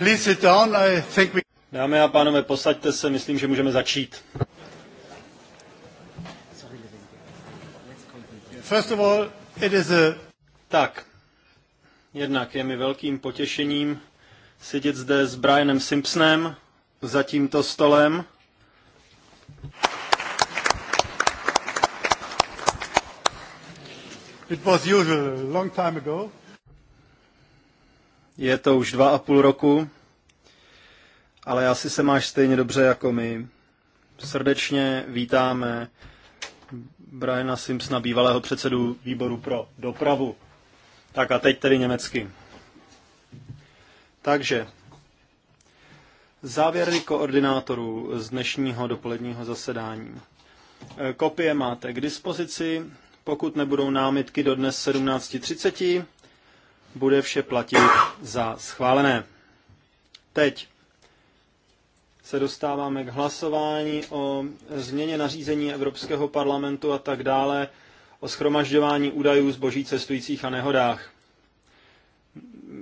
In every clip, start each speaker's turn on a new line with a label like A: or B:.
A: Please sit down. I think we... Dámy a pánové, posaďte se, myslím, že můžeme začít. First of all, it is a... Tak, jednak je mi velkým potěšením sedět zde s Brianem Simpsonem za tímto stolem. It was usual a long time ago. Je to už dva a půl roku, ale asi se máš stejně dobře jako my. Srdečně vítáme Briana Simpsona, bývalého předsedu výboru pro dopravu. Tak a teď tedy německy. Takže, závěry koordinátorů z dnešního dopoledního zasedání. Kopie máte k dispozici, pokud nebudou námitky do dnes 17.30, bude vše platit za schválené. Teď se dostáváme k hlasování o změně nařízení Evropského parlamentu a tak dále o schromažďování údajů zboží cestujících a nehodách.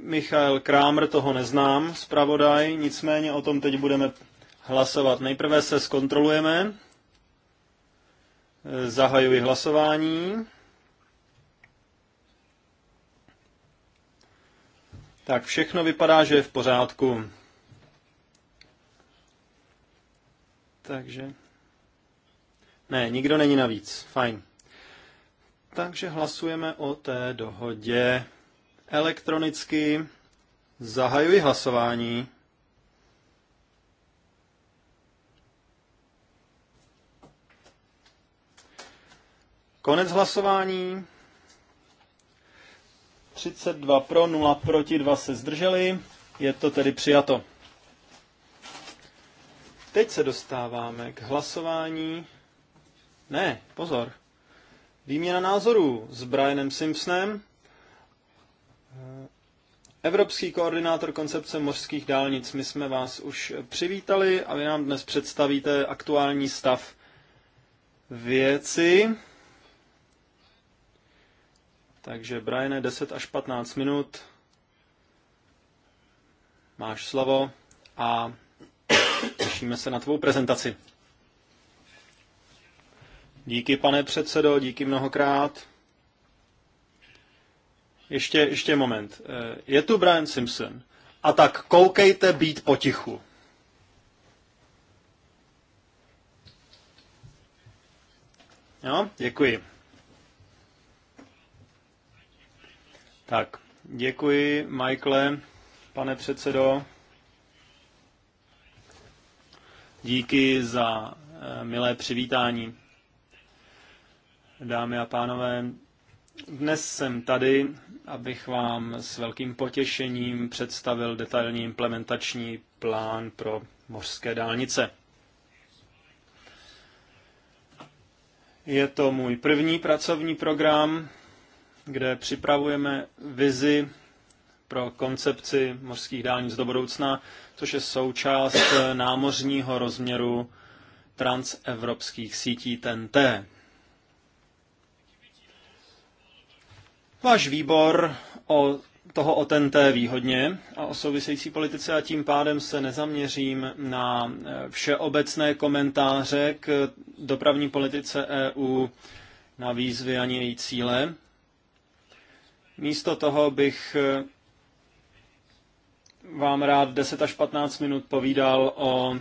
A: Michal Krámer toho neznám, zpravodaj, nicméně o tom teď budeme hlasovat. Nejprve se zkontrolujeme. Zahajuji hlasování. Tak všechno vypadá, že je v pořádku. Takže... Ne, nikdo není navíc. Fajn. Takže hlasujeme o té dohodě elektronicky. Zahajuji hlasování. Konec hlasování. 32 pro, 0 proti, 2 se zdrželi. Je to tedy přijato. Teď se dostáváme k hlasování. Ne, pozor. Výměna názorů s Brianem Simpsonem. Evropský koordinátor koncepce mořských dálnic. My jsme vás už přivítali a vy nám dnes představíte aktuální stav věci. Takže Brian, 10 až 15 minut. Máš slovo a těšíme se na tvou prezentaci. Díky, pane předsedo, díky mnohokrát. Ještě, ještě moment. Eh, je tu Brian Simpson. A tak koukejte být potichu. Jo, děkuji. Tak, děkuji, Michaele, pane předsedo. Díky za eh, milé přivítání. Dámy a pánové, dnes jsem tady, abych vám s velkým potěšením představil detailní implementační plán pro mořské dálnice. Je to můj první pracovní program kde připravujeme vizi pro koncepci mořských dálnic do budoucna, což je součást eh, námořního rozměru transevropských sítí TNT. Váš výbor o toho o TNT výhodně a o související politice a tím pádem se nezaměřím na eh, všeobecné komentáře k dopravní politice EU na výzvy ani její cíle, Místo toho bych eh, vám rád 10 až 15 minut povídal o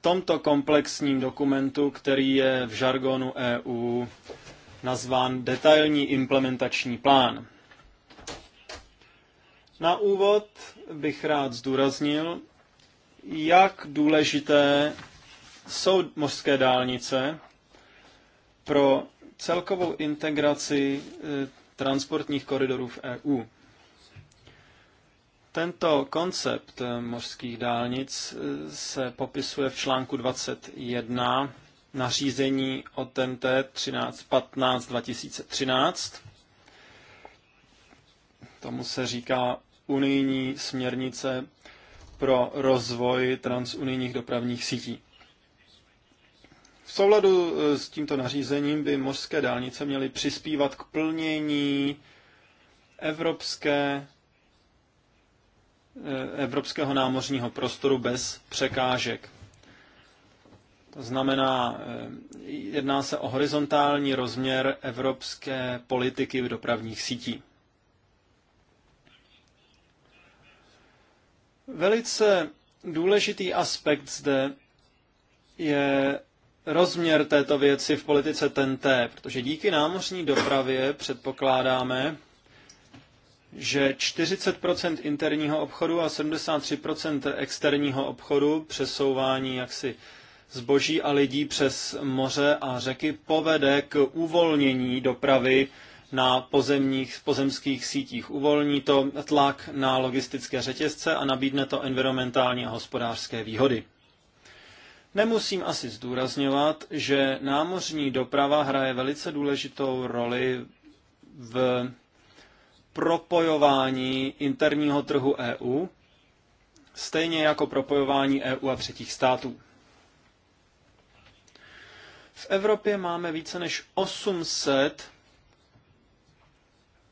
A: tomto komplexním dokumentu, který je v žargonu EU nazván detailní implementační plán. Na úvod bych rád zdůraznil, jak důležité jsou mořské dálnice pro celkovou integraci eh, transportních koridorů v EU. Tento koncept eh, mořských dálnic eh, se popisuje v článku 21 nařízení o TNT 1315 2013. Tomu se říká unijní směrnice pro rozvoj transunijních dopravních sítí. V souladu eh, s tímto nařízením by mořské dálnice měly přispívat k plnění evropské, eh, evropského námořního prostoru bez překážek. To znamená, eh, jedná se o horizontální rozměr evropské politiky v dopravních sítí. Velice důležitý aspekt zde je rozměr této věci v politice TNT, protože díky námořní dopravě předpokládáme, že 40 interního obchodu a 73 externího obchodu přesouvání jaksi zboží a lidí přes moře a řeky povede k uvolnění dopravy na pozemních, pozemských sítích. Uvolní to tlak na logistické řetězce a nabídne to environmentální a hospodářské výhody. Nemusím asi zdůrazňovat, že námořní doprava hraje velice důležitou roli v propojování interního trhu EU, stejně jako propojování EU a třetích států. V Evropě máme více než 800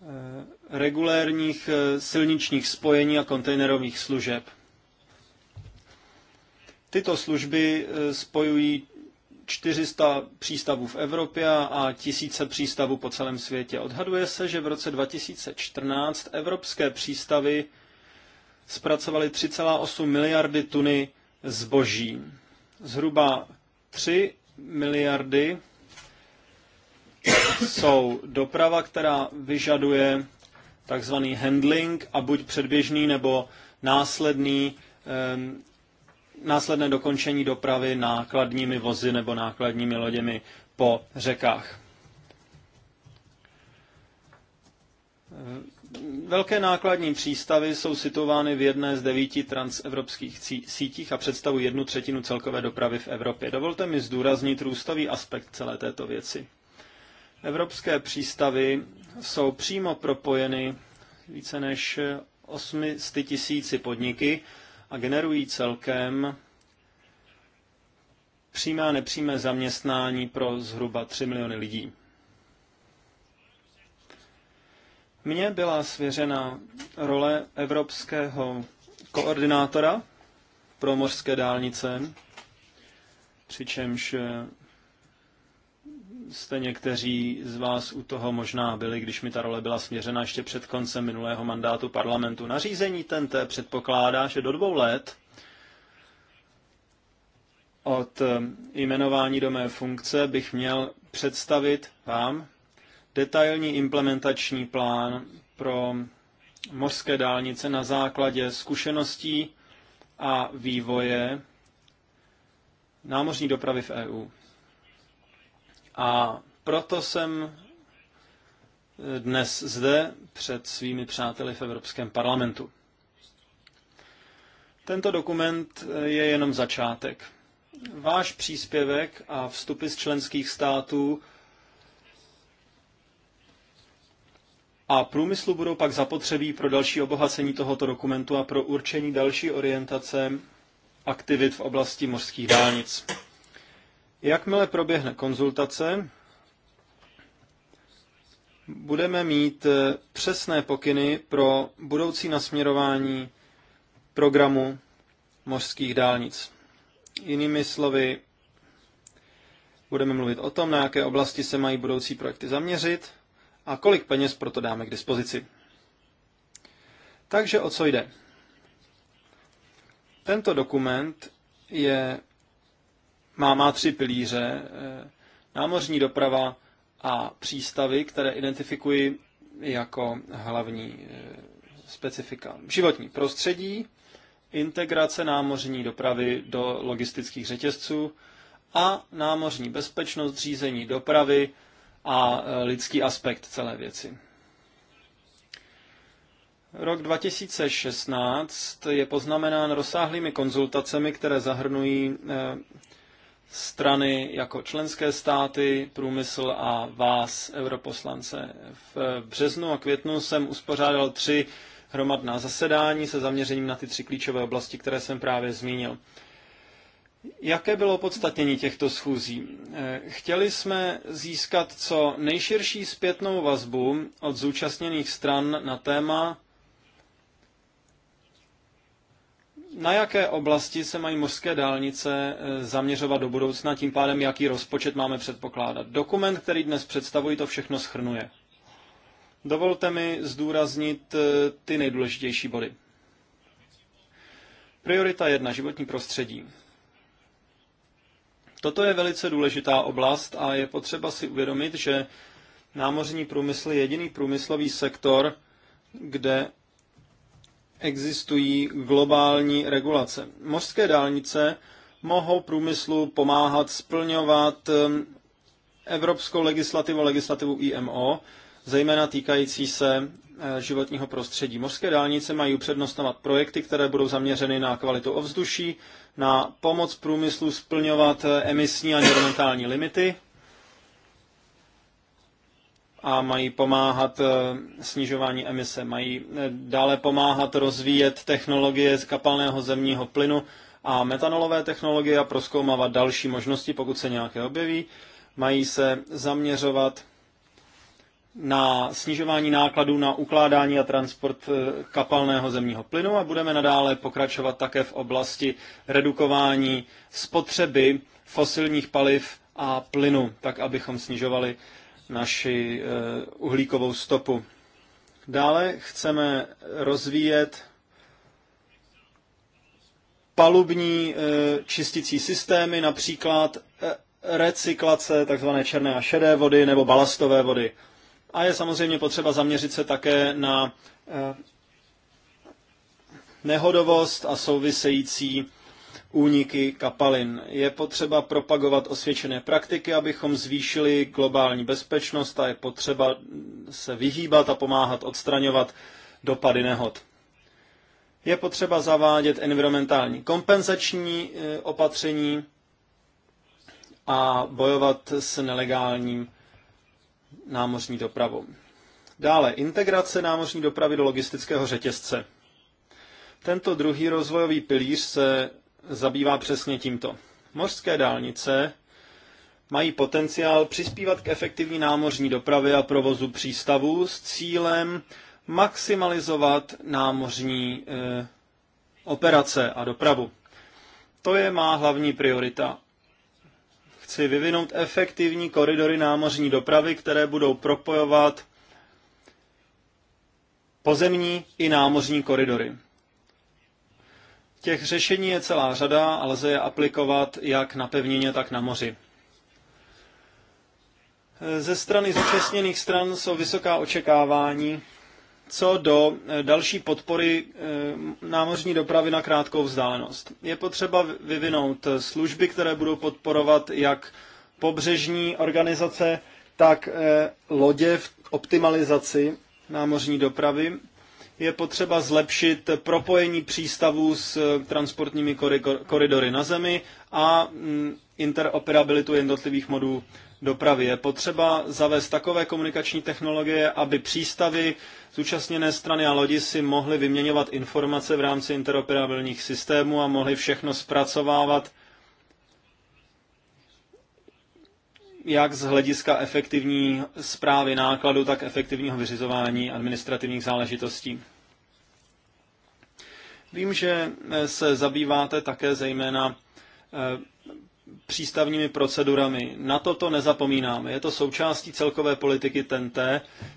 A: eh, regulérních eh, silničních spojení a kontejnerových služeb. Tyto služby eh, spojují 400 přístavů v Evropě a tisíce přístavů po celém světě. Odhaduje se, že v roce 2014 evropské přístavy zpracovaly 3,8 miliardy tuny zboží. Zhruba 3 miliardy jsou doprava, která vyžaduje takzvaný handling a buď předběžný nebo následný následné dokončení dopravy nákladními vozy nebo nákladními loděmi po řekách. Velké nákladní přístavy jsou situovány v jedné z devíti transevropských sítích a představují jednu třetinu celkové dopravy v Evropě. Dovolte mi zdůraznit růstový aspekt celé této věci. Evropské přístavy jsou přímo propojeny více než 800 tisíci podniky a generují celkem přímé a nepřímé zaměstnání pro zhruba 3 miliony lidí. Mně byla svěřena role evropského koordinátora pro mořské dálnice, přičemž jste někteří z vás u toho možná byli, když mi ta role byla směřena ještě před koncem minulého mandátu parlamentu. Nařízení TNT předpokládá, že do dvou let od eh, jmenování do mé funkce bych měl představit vám detailní implementační plán pro mořské dálnice na základě zkušeností a vývoje námořní dopravy v EU. A proto jsem eh, dnes zde před svými přáteli v Evropském parlamentu. Tento dokument eh, je jenom začátek. Váš příspěvek a vstupy z členských států a průmyslu budou pak zapotřebí pro další obohacení tohoto dokumentu a pro určení další orientace aktivit v oblasti mořských dálnic. Jakmile proběhne konzultace, budeme mít eh, přesné pokyny pro budoucí nasměrování programu mořských dálnic. Jinými slovy, budeme mluvit o tom, na jaké oblasti se mají budoucí projekty zaměřit a kolik peněz proto dáme k dispozici. Takže o co jde? Tento dokument je má, má tři pilíře. Eh, námořní doprava a přístavy, které identifikuji jako hlavní eh, specifika. Životní prostředí, integrace námořní dopravy do logistických řetězců a námořní bezpečnost, řízení dopravy a eh, lidský aspekt celé věci. Rok 2016 je poznamenán rozsáhlými konzultacemi, které zahrnují strany jako členské státy, průmysl a vás, europoslance. V březnu a květnu jsem uspořádal tři hromadná zasedání se zaměřením na ty tři klíčové oblasti, které jsem právě zmínil. Jaké bylo podstatnění těchto schůzí? Eh, chtěli jsme získat co nejširší zpětnou vazbu od zúčastněných stran na téma, na jaké oblasti se mají mořské dálnice eh, zaměřovat do budoucna, tím pádem jaký rozpočet máme předpokládat. Dokument, který dnes představuji, to všechno schrnuje. Dovolte mi zdůraznit eh, ty nejdůležitější body. Priorita jedna Životní prostředí. Toto je velice důležitá oblast a je potřeba si uvědomit, že námořní průmysl je jediný průmyslový sektor, kde existují globální regulace. Mořské dálnice mohou průmyslu pomáhat splňovat um, evropskou legislativu, legislativu IMO, zejména týkající se uh, životního prostředí. Mořské dálnice mají upřednostňovat projekty, které budou zaměřeny na kvalitu ovzduší, na pomoc průmyslu splňovat uh, emisní a environmentální limity a mají pomáhat eh, snižování emise, mají eh, dále pomáhat rozvíjet technologie z kapalného zemního plynu a metanolové technologie a proskoumávat další možnosti, pokud se nějaké objeví. Mají se zaměřovat na snižování nákladů na ukládání a transport eh, kapalného zemního plynu a budeme nadále pokračovat také v oblasti redukování spotřeby fosilních paliv a plynu, tak abychom snižovali naši eh, uhlíkovou stopu. Dále chceme rozvíjet palubní eh, čistící systémy, například eh, recyklace tzv. černé a šedé vody nebo balastové vody. A je samozřejmě potřeba zaměřit se také na nehodovost a související úniky kapalin. Je potřeba propagovat osvědčené praktiky, abychom zvýšili globální bezpečnost a je potřeba se vyhýbat a pomáhat odstraňovat dopady nehod. Je potřeba zavádět environmentální kompenzační e, opatření a bojovat s nelegálním námořní dopravou. Dále integrace námořní dopravy do logistického řetězce. Tento druhý rozvojový pilíř se zabývá přesně tímto. Mořské dálnice mají potenciál přispívat k efektivní námořní dopravě a provozu přístavů s cílem maximalizovat námořní e, operace a dopravu. To je má hlavní priorita. Chci vyvinout efektivní koridory námořní dopravy, které budou propojovat pozemní i námořní koridory. Těch řešení je celá řada a lze je aplikovat jak na pevnině, tak na moři. Ze strany zúčastněných stran jsou vysoká očekávání co do eh, další podpory eh, námořní dopravy na krátkou vzdálenost. Je potřeba vyvinout eh, služby, které budou podporovat jak pobřežní organizace, tak lodě v optimalizaci námořní dopravy je potřeba zlepšit propojení přístavů s eh, transportními koridory na zemi a mm, interoperabilitu jednotlivých modů dopravy. Je potřeba zavést takové komunikační technologie, aby přístavy, zúčastněné strany a lodi si mohly vyměňovat informace v rámci interoperabilních systémů a mohly všechno zpracovávat jak z hlediska efektivní zprávy nákladu, tak efektivního vyřizování administrativních záležitostí. Vím, že eh, se zabýváte také zejména eh, přístavními procedurami. Na toto nezapomínáme. Je to součástí celkové politiky TNT,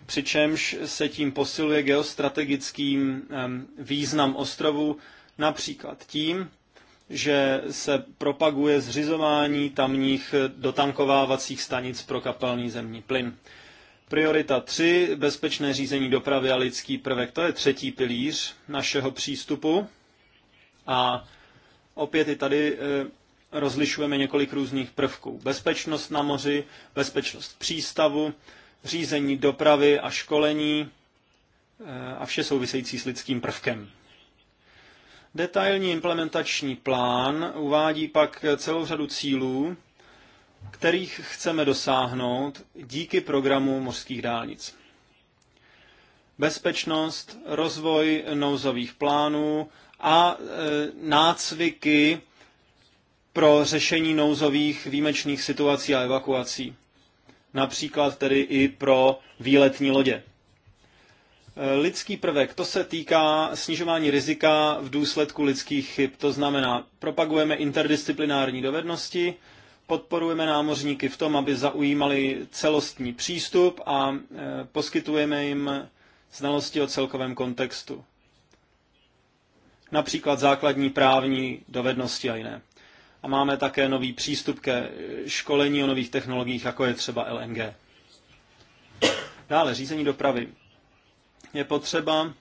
A: přičemž se tím posiluje geostrategický význam ostrovů, například tím, že se propaguje zřizování tamních dotankovávacích stanic pro kapelný zemní plyn. Priorita 3. Bezpečné řízení dopravy a lidský prvek. To je třetí pilíř našeho přístupu. A opět i tady eh, rozlišujeme několik různých prvků. Bezpečnost na moři, bezpečnost přístavu, řízení dopravy a školení eh, a vše související s lidským prvkem. Detailní implementační plán uvádí pak celou řadu cílů, kterých chceme dosáhnout díky programu mořských dálnic. Bezpečnost, rozvoj nouzových plánů a e, nácviky pro řešení nouzových výjimečných situací a evakuací. Například tedy i pro výletní lodě. Lidský prvek, to se týká snižování rizika v důsledku lidských chyb. To znamená, propagujeme interdisciplinární dovednosti, podporujeme námořníky v tom, aby zaujímali celostní přístup a e, poskytujeme jim znalosti o celkovém kontextu. Například základní právní dovednosti a jiné. A máme také nový přístup ke školení o nových technologiích, jako je třeba LNG. Dále řízení dopravy. Je potřeba eh,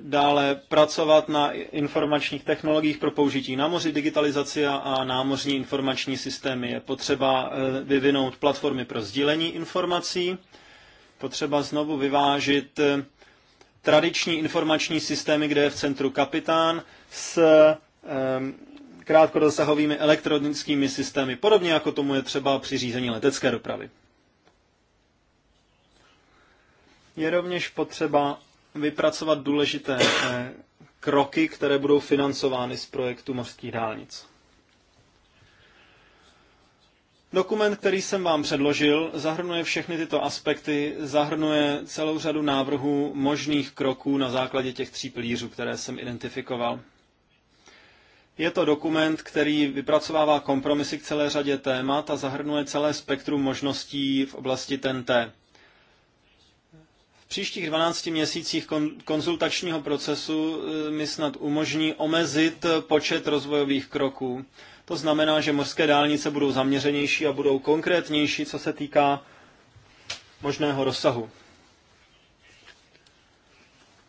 A: dále pracovat na informačních technologiích pro použití na moři, digitalizace a námořní informační systémy. Je potřeba eh, vyvinout platformy pro sdílení informací, potřeba znovu vyvážit eh, tradiční informační systémy, kde je v centru kapitán, s krátkodosahovými elektronickými systémy, podobně jako tomu je třeba při řízení letecké dopravy. Je rovněž potřeba vypracovat důležité eh, kroky, které budou financovány z projektu mořských dálnic. Dokument, který jsem vám předložil, zahrnuje všechny tyto aspekty, zahrnuje celou řadu návrhů možných kroků na základě těch tří pilířů, které jsem identifikoval. Je to dokument, který vypracovává kompromisy k celé řadě témat a zahrnuje celé spektrum možností v oblasti TNT příštích 12 měsících konzultačního procesu e, mi snad umožní omezit počet rozvojových kroků. To znamená, že mořské dálnice budou zaměřenější a budou konkrétnější, co se týká možného rozsahu.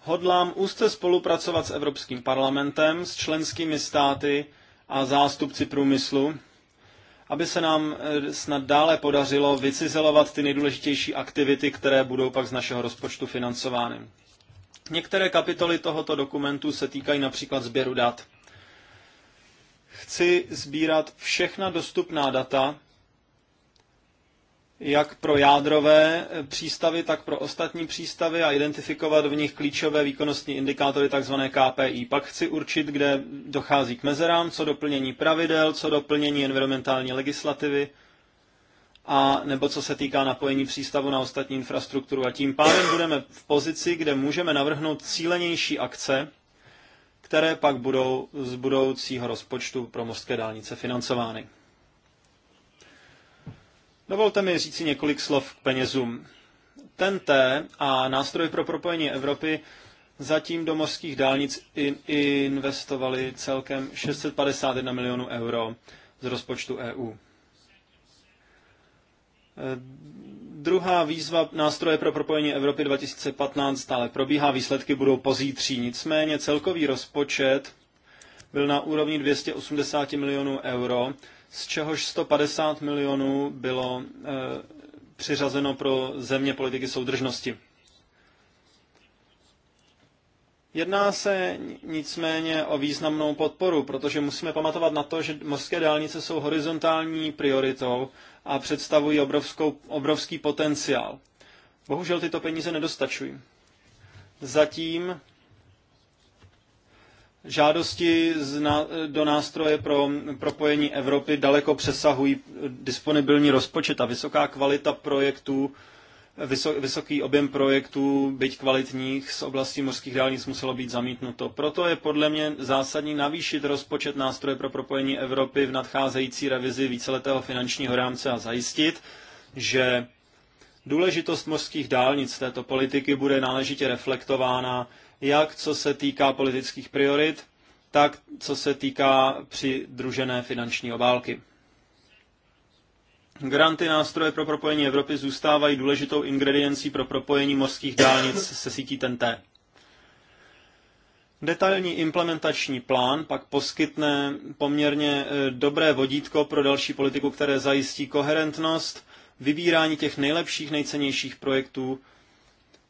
A: Hodlám úzce spolupracovat s Evropským parlamentem, s členskými státy a zástupci průmyslu, aby se nám eh, snad dále podařilo vycizelovat ty nejdůležitější aktivity, které budou pak z našeho rozpočtu financovány. Některé kapitoly tohoto dokumentu se týkají například sběru dat. Chci sbírat všechna dostupná data jak pro jádrové přístavy, tak pro ostatní přístavy a identifikovat v nich klíčové výkonnostní indikátory, takzvané KPI. Pak chci určit, kde dochází k mezerám, co doplnění pravidel, co doplnění environmentální legislativy, a nebo co se týká napojení přístavu na ostatní infrastrukturu. A tím pádem budeme v pozici, kde můžeme navrhnout cílenější akce, které pak budou z budoucího rozpočtu pro mořské dálnice financovány. Dovolte mi říci několik slov k penězům. TNT a nástroj pro propojení Evropy zatím do mořských dálnic investovali celkem 651 milionů euro z rozpočtu EU. Eh, druhá výzva nástroje pro propojení Evropy 2015 stále probíhá, výsledky budou pozítří. Nicméně celkový rozpočet byl na úrovni 280 milionů euro, z čehož 150 milionů bylo e, přiřazeno pro země politiky soudržnosti. Jedná se nicméně o významnou podporu, protože musíme pamatovat na to, že mořské dálnice jsou horizontální prioritou a představují obrovskou, obrovský potenciál. Bohužel tyto peníze nedostačují. Zatím Žádosti do nástroje pro propojení Evropy daleko přesahují disponibilní rozpočet a vysoká kvalita projektů, vysoký objem projektů, byť kvalitních, z oblasti mořských dálnic muselo být zamítnuto. Proto je podle mě zásadní navýšit rozpočet nástroje pro propojení Evropy v nadcházející revizi víceletého finančního rámce a zajistit, že důležitost mořských dálnic této politiky bude náležitě reflektována jak co se týká politických priorit, tak co se týká přidružené finanční obálky. Granty nástroje pro propojení Evropy zůstávají důležitou ingrediencí pro propojení mořských dálnic se sítí TNT. Detailní implementační plán pak poskytne poměrně eh, dobré vodítko pro další politiku, které zajistí koherentnost, vybírání těch nejlepších, nejcennějších projektů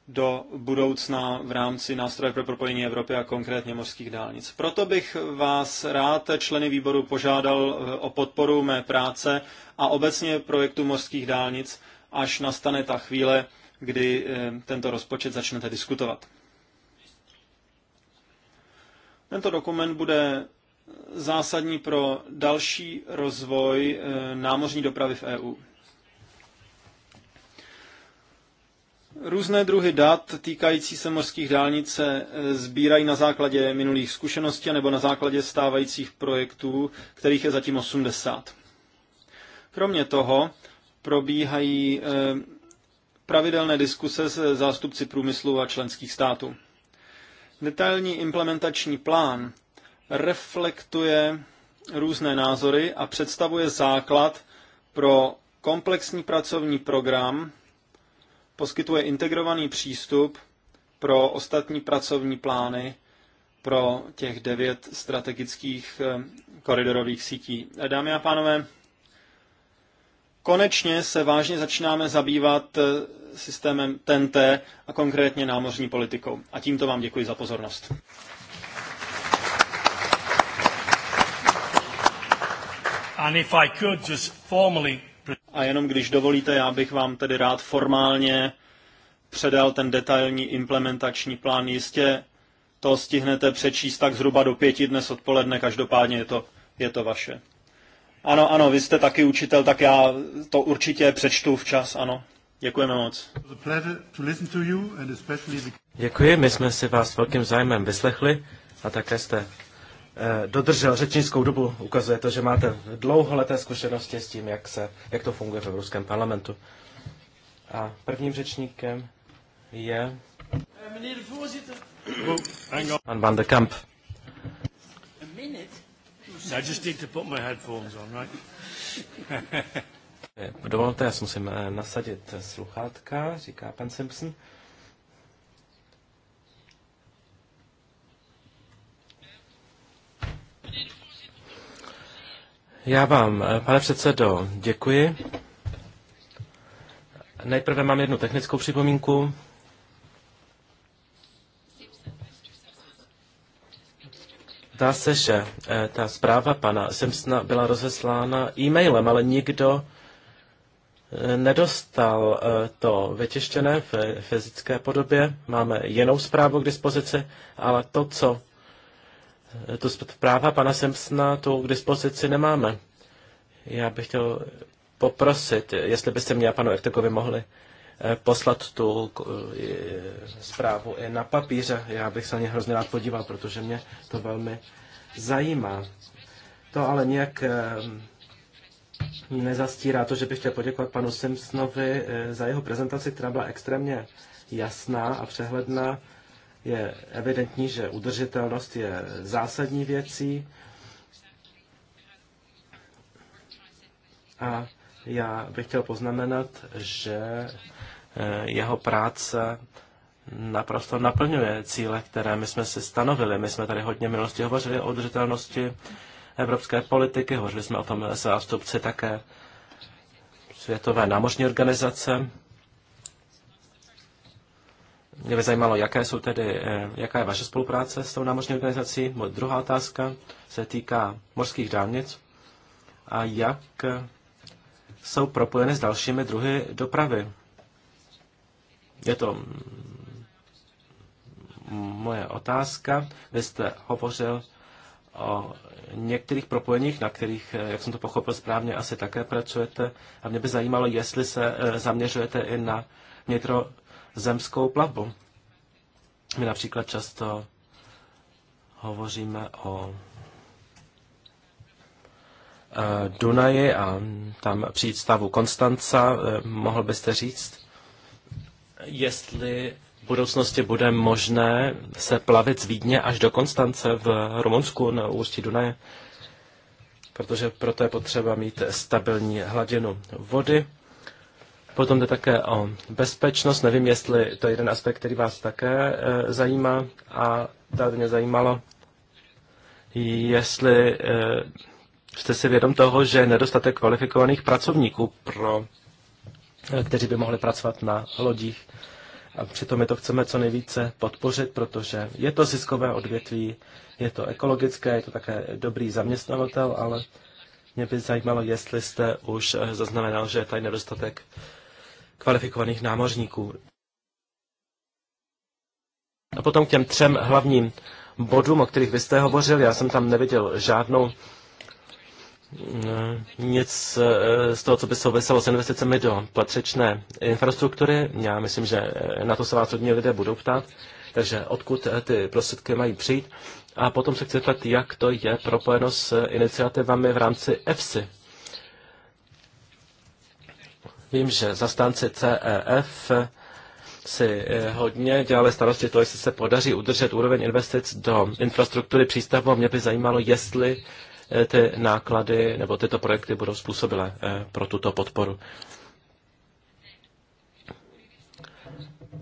A: do budoucna v rámci nástroje pro propojení Evropy a konkrétně mořských dálnic. Proto bych vás rád, členy výboru, požádal eh, o podporu mé práce a obecně projektu mořských dálnic, až nastane ta chvíle, kdy eh, tento rozpočet začnete diskutovat. Tento dokument bude eh, zásadní pro další rozvoj námořní dopravy v EU. Různé druhy dat týkající se mořských dálnic se eh, sbírají na základě minulých zkušeností nebo na základě stávajících projektů, kterých je zatím 80. Kromě toho probíhají eh, pravidelné diskuse se zástupci průmyslu a členských států. Detailní implementační plán reflektuje různé názory a představuje základ pro komplexní pracovní program, poskytuje integrovaný přístup pro ostatní pracovní plány pro těch devět strategických eh, koridorových sítí. Dámy a pánové, konečně se vážně začínáme zabývat eh, systémem TNT a konkrétně námořní politikou. A tímto vám děkuji za pozornost. And if I could just formally a jenom když dovolíte, já bych vám tedy rád formálně předal ten detailní implementační plán. Jistě to stihnete přečíst tak zhruba do pěti dnes odpoledne, každopádně je to, je to vaše. Ano, ano, vy jste taky učitel, tak já to určitě přečtu včas, ano. Děkujeme moc. Děkuji, my
B: jsme si vás velkým zájmem vyslechli a také jste Eh, dodržel řečnickou dobu. Ukazuje to, že máte dlouholeté zkušenosti s tím, jak, se, jak to funguje v Evropském parlamentu. A prvním řečníkem je pan Van de Kamp. I just need to put my headphones on, right? Eh, dovolte, já si musím eh, nasadit sluchátka, říká pan Simpson. Já vám, eh, pane předsedo, děkuji. Nejprve mám jednu technickou připomínku. Dá se, že eh, ta zpráva pana Simpsona byla rozeslána e-mailem, ale nikdo eh, nedostal to vytěštěné v fyzické podobě. Máme jinou zprávu k dispozici, ale to, co Eh, to zpráva pana Simpsona tu k dispozici nemáme. Já bych chtěl poprosit, jestli byste mě a panu Ertekovi mohli eh, poslat tu eh, zprávu i na papíře. Já bych se na ně hrozně rád podíval, protože mě to velmi zajímá. To ale nějak nezastírá to, že bych chtěl poděkovat panu Simpsonovi za jeho prezentaci, která byla extrémně jasná a přehledná. Je evidentní, že udržitelnost je zásadní věcí a já bych chtěl poznamenat, že eh, jeho práce naprosto naplňuje cíle, které my jsme si stanovili. My jsme tady hodně minulosti hovořili o udržitelnosti evropské politiky, hovořili jsme o tom se zástupci také Světové námořní organizace. Mě by zajímalo, jaké jsou tedy, eh, jaká je vaše spolupráce s tou námořní organizací. Moje druhá otázka se týká mořských dálnic a jak eh, jsou propojeny s dalšími druhy dopravy. Je to mm, moje otázka. Vy jste hovořil o některých propojeních, na kterých, eh, jak jsem to pochopil správně, asi také pracujete. A mě by zajímalo, jestli se zaměřujete i na vnitro zemskou plavbu. My například často hovoříme o eh, Dunaji a tam přístavu Konstanca. Eh, mohl byste říct, jestli v budoucnosti bude možné se plavit z Vídně až do Konstance v Rumunsku na ústí Dunaje, protože proto je potřeba mít stabilní hladinu vody. Potom jde také o bezpečnost. Nevím, jestli to je jeden aspekt, který vás také e, zajímá. A tady mě zajímalo, jestli e, jste si vědom toho, že nedostatek kvalifikovaných pracovníků, pro, e, kteří by mohli pracovat na lodích. A přitom my to chceme co nejvíce podpořit, protože je to ziskové odvětví, je to ekologické, je to také dobrý zaměstnavatel, ale mě by zajímalo, jestli jste už e, zaznamenal, že je tady nedostatek kvalifikovaných námořníků. A potom k těm třem hlavním bodům, o kterých vy jste hovořil, já jsem tam neviděl žádnou mm, nic eh, z toho, co by souviselo s investicemi do patřičné infrastruktury. Já myslím, že eh, na to se vás hodně lidé budou ptát, takže odkud eh, ty prostředky mají přijít. A potom se chci ptát, jak to je propojeno s iniciativami v rámci EFSI. Vím, že zastánci CEF si eh, hodně dělali starosti to, jestli se podaří udržet úroveň investic do infrastruktury přístavu. mě by zajímalo, jestli eh, ty náklady nebo tyto projekty budou způsobile eh, pro tuto podporu.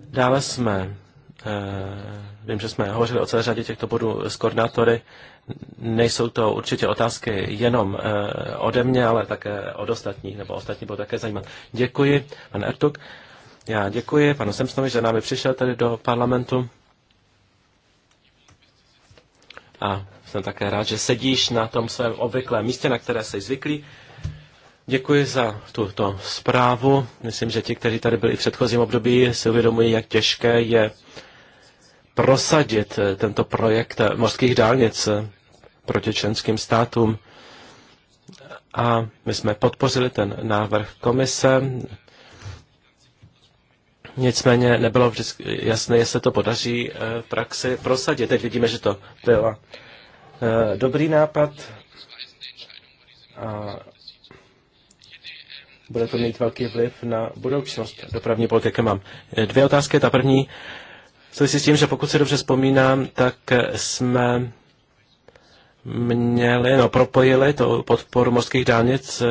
B: Dále jsme, vím, že jsme hovořili o celé řadě těchto bodů s koordinátory, Nejsou to určitě otázky jenom eh, ode mě, ale také od ostatních, nebo ostatní budou také zajímat. Děkuji, pan Ertuk. Já děkuji panu Semsnovi, že námi přišel tady do parlamentu. A jsem také rád, že sedíš na tom svém obvyklém místě, na které jsi zvyklý. Děkuji za tuto zprávu. Myslím, že ti, kteří tady byli v předchozím období, si uvědomují, jak těžké je prosadit eh, tento projekt eh, mořských dálnic eh, proti členským státům. A my jsme podpořili ten návrh komise. Nicméně nebylo vždycky jasné, jestli to podaří v praxi prosadit. Teď vidíme, že to byl dobrý nápad. A bude to mít velký vliv na budoucnost dopravní politiky. Mám dvě otázky. Ta první souvisí s tím, že pokud si dobře vzpomínám, tak jsme měli, no, propojili to podporu mořských dálnic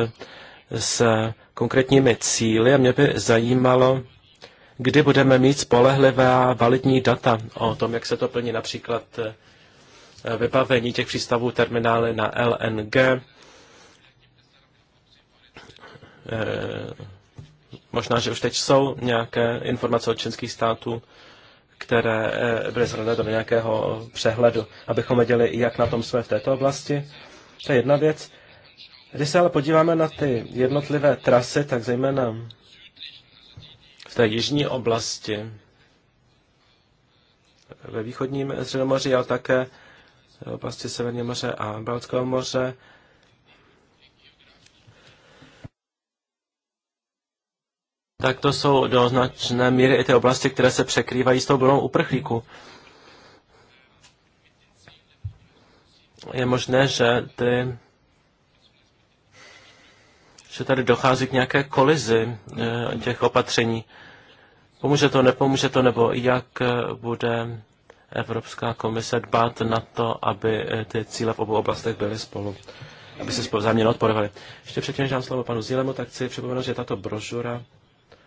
B: s konkrétními cíly a mě by zajímalo, kdy budeme mít spolehlivá validní data o tom, jak se to plní například eh, vybavení těch přístavů terminály na LNG, eh, možná, že už teď jsou nějaké informace od členských států které eh, byly zhrnuté do nějakého přehledu, abychom věděli, jak na tom jsme v této oblasti. To je jedna věc. Když se ale podíváme na ty jednotlivé trasy, tak zejména v té jižní oblasti, ve východním Středomoří, ale také v oblasti Severního moře a Balckého moře, tak to jsou do značné míry i ty oblasti, které se překrývají s tou vlnou uprchlíku. Je možné, že ty že tady dochází k nějaké kolizi eh, těch opatření. Pomůže to, nepomůže to, nebo jak eh, bude Evropská komise dbát na to, aby eh, ty cíle v obou oblastech byly spolu, aby se spolu záměrně odporovaly. Ještě předtím, než dám slovo panu Zílemu, tak chci připomenout, že tato brožura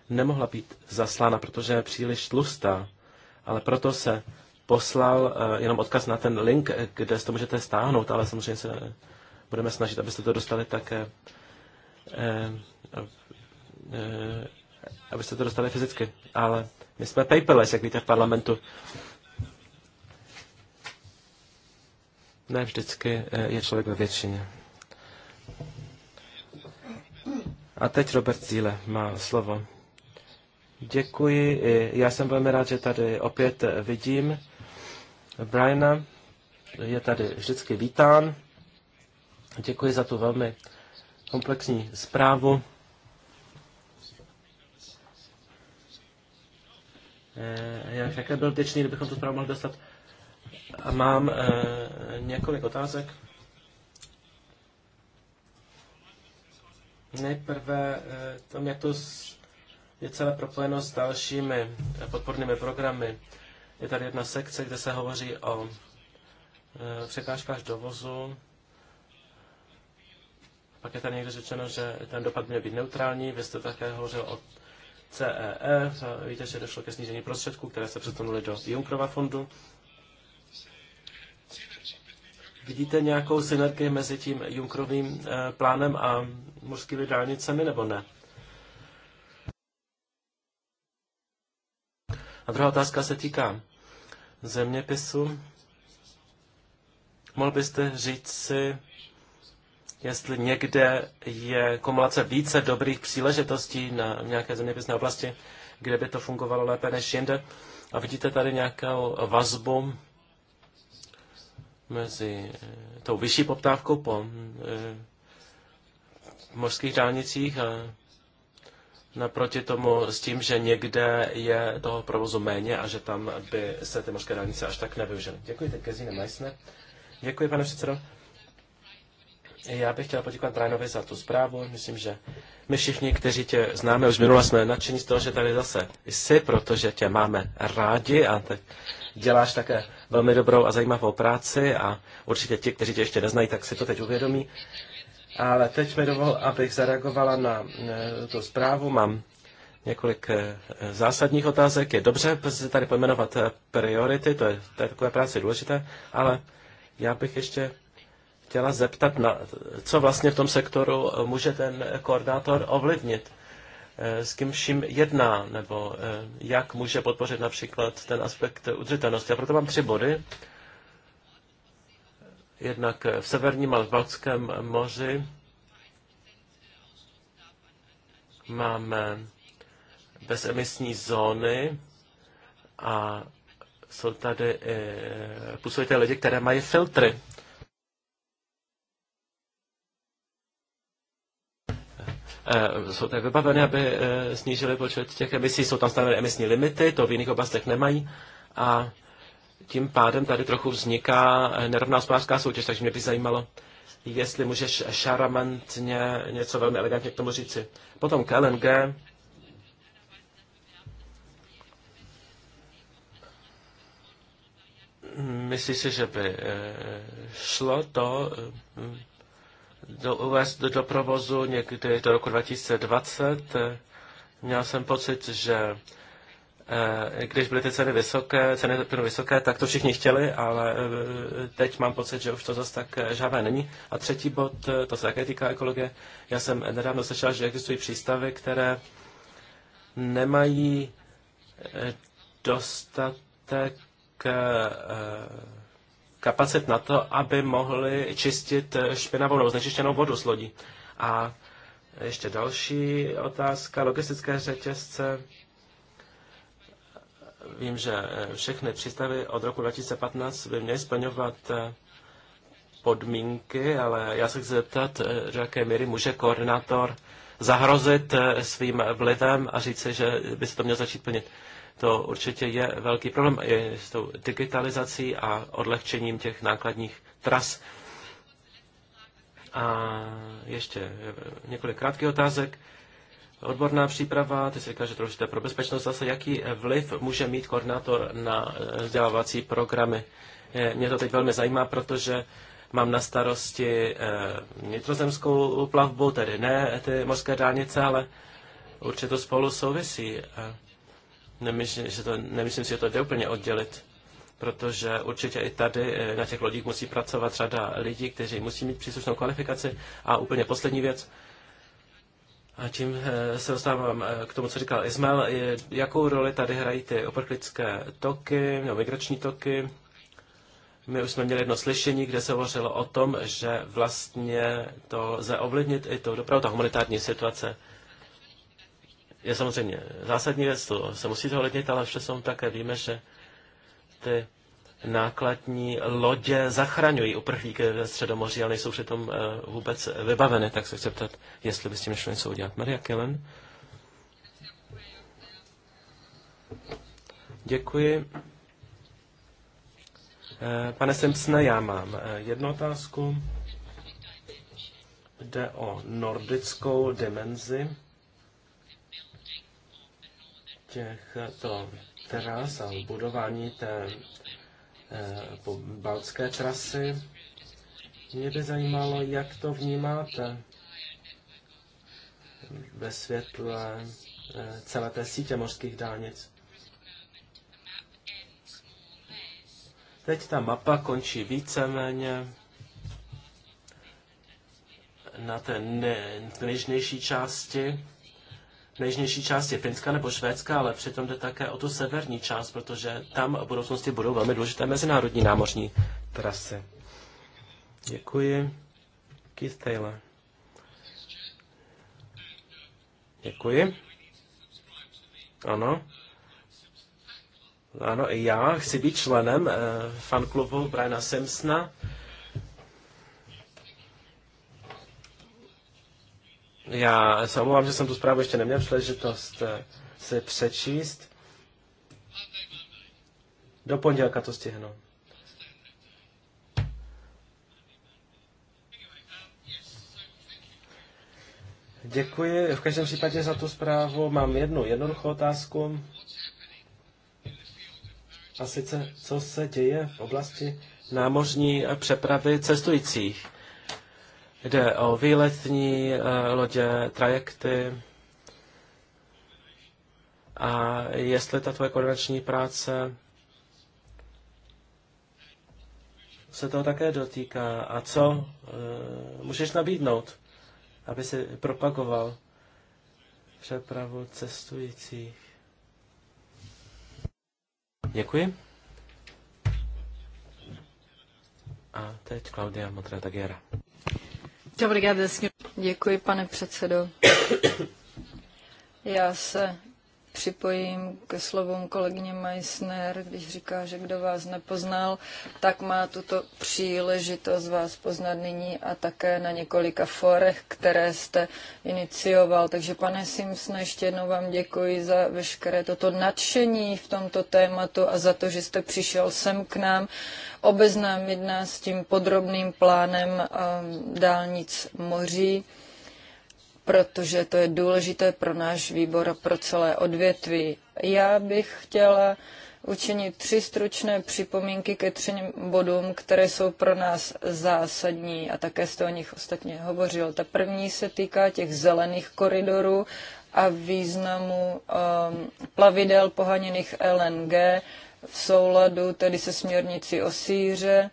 B: nemohla být zaslána, protože je příliš tlustá, ale proto se poslal eh, jenom odkaz na ten link, kde si to můžete stáhnout, ale samozřejmě se budeme snažit, abyste to dostali také eh, eh, abyste to dostali fyzicky. Ale my jsme paperless, jak víte, v parlamentu. Ne vždycky je člověk ve většině. A teď Robert Zíle má slovo. Děkuji. Já jsem velmi rád, že tady opět vidím Briana. Je tady vždycky vítán. Děkuji za tu velmi komplexní zprávu. Eh, já také byl vděčný, kdybychom tu zprávu mohli dostat. A mám eh, několik otázek. Nejprve eh, tam, jak to je celé propojeno s dalšími eh, podpornými programy. Je tady jedna sekce, kde se hovoří o eh, překážkách dovozu. Pak je tady někde řečeno, že ten dopad měl být neutrální. Vy jste také hovořil o CEF. E. Víte, že došlo ke snížení prostředků, které se přetonuly do Junckerova fondu. Vidíte nějakou synergii mezi tím Junkrovým eh, plánem a mořskými dálnicemi, nebo ne? A druhá otázka se týká zeměpisu. Mohl byste říct si, jestli někde je kumulace více dobrých příležitostí na nějaké zeměpisné oblasti, kde by to fungovalo lépe než jinde. A vidíte tady nějakou vazbu mezi eh, tou vyšší poptávkou po eh, mořských dálnicích a naproti tomu s tím, že někde je toho provozu méně a že tam by se ty mořské dálnice až tak nevyužily. Děkuji, teď Kezine Meissner. Děkuji, pane předsedo. Já bych chtěl poděkovat Brianovi za tu zprávu. Myslím, že my všichni, kteří tě známe už minule, jsme nadšení z toho, že tady zase jsi, protože tě máme rádi a teď děláš také velmi dobrou a zajímavou práci a určitě ti, kteří tě ještě neznají, tak si to teď uvědomí. Ale teď mi dovol, abych zareagovala na eh, tu zprávu. Mám několik eh, zásadních otázek. Je dobře tady pojmenovat eh, priority, to je, to je takové práce důležité, ale já bych ještě chtěla zeptat, na, co vlastně v tom sektoru může ten koordinátor ovlivnit, s kým vším jedná, nebo jak může podpořit například ten aspekt udržitelnosti. A proto mám tři body jednak v severním a v Balckém moři máme bezemisní zóny a jsou tady i, působité lidi, které mají filtry. Eh, jsou tady vybaveny, aby eh, snížili počet těch emisí, jsou tam stanoveny emisní limity, to v jiných oblastech nemají. A tím pádem tady trochu vzniká eh, nerovná hospodářská soutěž, takže mě by zajímalo, jestli můžeš šaramantně něco velmi elegantně k tomu říci. Potom k LNG. Myslíš si, že by eh, šlo to eh, do, uvést do provozu někdy do roku 2020? Měl jsem pocit, že Eh, když byly ty ceny vysoké, ceny plynu vysoké, tak to všichni chtěli, ale eh, teď mám pocit, že už to zase tak eh, žádné není. A třetí bod, to se také týká ekologie. Já jsem nedávno slyšel, že existují přístavy, které nemají dostatek kapacit na to, aby mohli čistit špinavou nebo znečištěnou vodu z lodí. A ještě další otázka, logistické řetězce Vím, že eh, všechny přístavy od roku 2015 by měly splňovat eh, podmínky, ale já se chci zeptat, eh, do jaké míry může koordinátor zahrozit svým vlivem a říci, že by se to mělo začít plnit. To určitě je velký problém i s tou digitalizací a odlehčením těch nákladních tras. A ještě několik krátkých otázek odborná příprava, ty jsi říkal, že to pro bezpečnost, zase jaký eh, vliv může mít koordinátor na eh, vzdělávací programy. Eh, mě to teď velmi zajímá, protože mám na starosti vnitrozemskou plavbu, tedy ne ty mořské dálnice, ale určitě to spolu souvisí. Nemyslím, že to, nemyslím si, že to jde úplně oddělit, protože určitě i tady na těch lodích musí pracovat řada lidí, kteří musí mít příslušnou kvalifikaci. A úplně poslední věc, a tím eh, se dostávám eh, k tomu, co říkal Ismail. Jakou roli tady hrají ty oprchlické toky, nebo migrační toky? My už jsme měli jedno slyšení, kde se hovořilo o tom, že vlastně to lze ovlivnit i to dopravu, ta humanitární situace je samozřejmě zásadní věc, to se musí zohlednit, ale vše jsou také víme, že ty nákladní lodě zachraňují uprchlíky ve Středomoří, ale nejsou přitom eh, vůbec vybaveny. Tak se chci ptat, jestli by s tím nešlo něco udělat. Maria Kellen. Děkuji. Eh, pane Simpsone, já mám eh, jednu otázku. Jde o nordickou dimenzi těchto teras a budování té Eh, po baltské trasy. Mě by zajímalo, jak to vnímáte ve světle eh, celé té sítě mořských dálnic. Teď ta mapa končí víceméně na té nejnižnější části nejjižnější je Finska nebo Švédska, ale přitom jde také o tu severní část, protože tam v budoucnosti budou velmi důležité mezinárodní námořní trasy. Děkuji. Keith Taylor. Děkuji. Ano. Ano, i já chci být členem eh, fanklubu Briana Simpsona. Eh, Já se omlouvám, že jsem tu zprávu ještě neměl příležitost eh, se přečíst. Do pondělka to stihnu. Děkuji v každém případě za tu zprávu. Mám jednu jednoduchou otázku. A sice, co se děje v oblasti námořní přepravy cestujících? Jde o výletní eh, lodě, trajekty a jestli ta tvoje koordinační práce se toho také dotýká a co eh, můžeš nabídnout, aby si propagoval přepravu cestujících. Děkuji. A teď Claudia Motra Tagiera.
C: Děkuji, pane předsedo. Já se připojím ke slovům kolegyně Meissner, když říká, že kdo vás nepoznal, tak má tuto příležitost vás poznat nyní a také na několika forech, které jste inicioval. Takže pane Simpsone, ještě jednou vám děkuji za veškeré toto nadšení v tomto tématu a za to, že jste přišel sem k nám obeznámit nás s tím podrobným plánem eh, dálnic moří, protože to je důležité pro náš výbor a pro celé odvětví. Já bych chtěla učinit tři stručné připomínky ke třem bodům, které jsou pro nás zásadní a také jste o nich ostatně hovořil. Ta první se týká těch zelených koridorů a významu um, plavidel pohaněných LNG v souladu tedy se směrnici o síře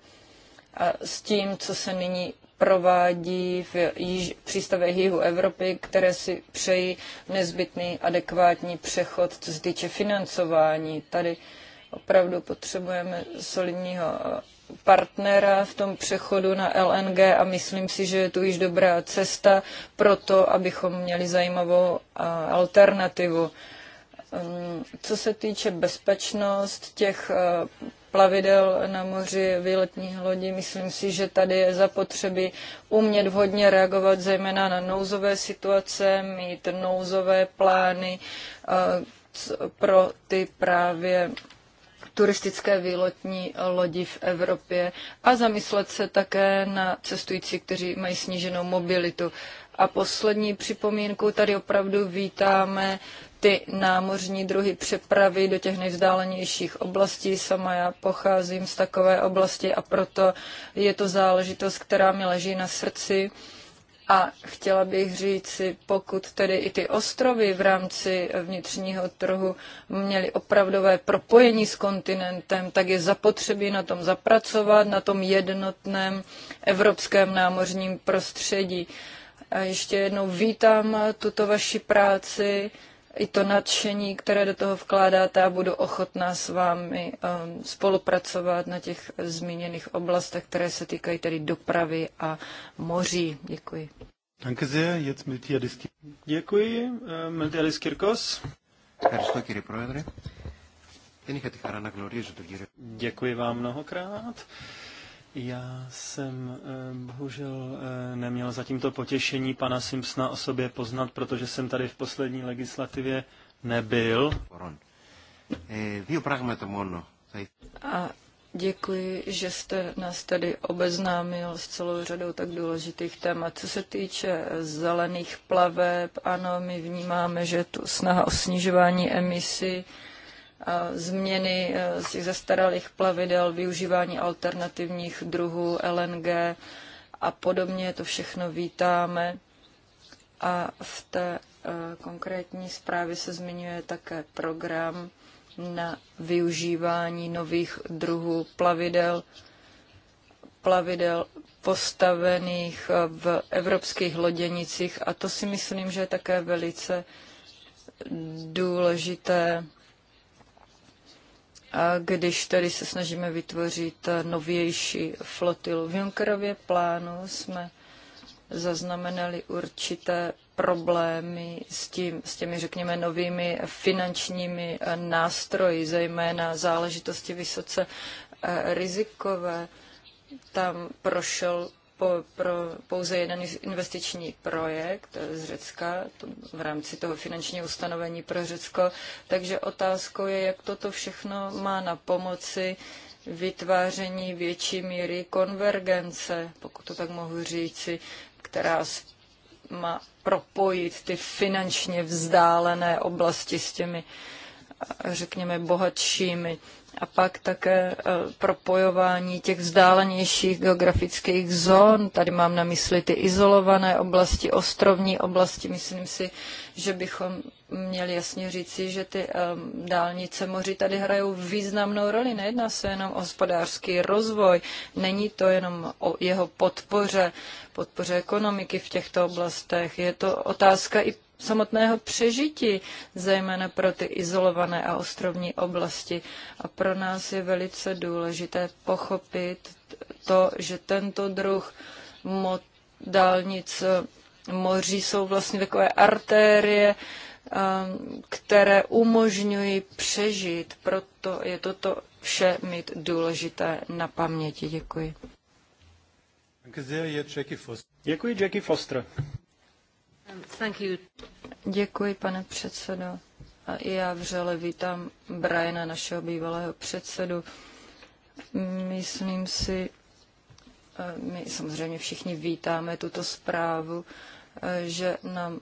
C: a s tím, co se nyní provádí v již, přístavech jihu Evropy, které si přejí nezbytný adekvátní přechod, co se týče financování. Tady opravdu potřebujeme solidního eh, partnera v tom přechodu na LNG a myslím si, že je tu již dobrá cesta pro to, abychom měli zajímavou eh, alternativu. Ehm, co se týče bezpečnost těch eh, plavidel na moři, výletních lodí. Myslím si, že tady je zapotřebí umět vhodně reagovat, zejména na nouzové situace, mít nouzové plány eh, pro ty právě turistické výlotní lodi v Evropě a zamyslet se také na cestující, kteří mají sníženou mobilitu. A poslední připomínku, tady opravdu vítáme ty námořní druhy přepravy do těch nejvzdálenějších oblastí. Sama já pocházím z takové oblasti a proto je to záležitost, která mi leží na srdci. A chtěla bych říci, pokud tedy i ty ostrovy v rámci vnitřního trhu měly opravdové propojení s kontinentem, tak je zapotřebí na tom zapracovat, na tom jednotném evropském námořním prostředí. A ještě jednou vítám tuto vaši práci i to nadšení, které do toho vkládáte a budu ochotná s vámi um, spolupracovat na těch zmíněných oblastech, které se týkají tedy dopravy a moří. Děkuji.
A: Danke sehr, jetzt Miltiadis Děkuji, eh, Miltiadis Kirkos. Ευχαριστώ κύριε Πρόεδρε. Δεν είχα τη χαρά να γνωρίζω τον κύριο. Děkuji vám mnohokrát. Já jsem eh, bohužel eh, neměl zatím to potěšení pana Simpsona o sobě poznat, protože jsem tady v poslední legislativě nebyl.
C: A děkuji, že jste nás tady obeznámil s celou řadou tak důležitých témat. Co se týče eh, zelených plaveb, ano, my vnímáme, že je tu snaha o snižování emisí Eh, změny eh, z těch zastaralých plavidel, využívání alternativních druhů, LNG a podobně. To všechno vítáme. A v té eh, konkrétní zprávě se zmiňuje také program na využívání nových druhů plavidel, plavidel postavených v evropských loděnicích. A to si myslím, že je také velice důležité když tady se snažíme vytvořit novější flotilu. V Junkerově plánu jsme zaznamenali určité problémy s, tím, s těmi, řekněme, novými finančními eh, nástroji, zejména záležitosti vysoce eh, rizikové. Tam prošel po, pro pouze jeden investiční projekt z Řecka v rámci toho finančního ustanovení pro Řecko. Takže otázkou je, jak toto všechno má na pomoci vytváření větší míry konvergence, pokud to tak mohu říci, která má propojit ty finančně vzdálené oblasti s těmi, řekněme, bohatšími a pak také eh, propojování těch vzdálenějších geografických zón. Tady mám na mysli ty izolované oblasti, ostrovní oblasti. Myslím si, že bychom měli jasně říci, že ty eh, dálnice moři tady hrajou významnou roli. Nejedná se jenom o hospodářský rozvoj, není to jenom o jeho podpoře, podpoře ekonomiky v těchto oblastech. Je to otázka i samotného přežití, zejména pro ty izolované a ostrovní oblasti. A pro nás je velice důležité pochopit to, že tento druh dálnic moří jsou vlastně takové artérie, um, které umožňují přežít. Proto je toto vše mít důležité na paměti. Děkuji.
A: Děkuji, Jackie Foster.
C: Děkuji, pane předsedo. A i já vřele vítám Briana, našeho bývalého předsedu. Myslím si, my samozřejmě všichni vítáme tuto zprávu, že nám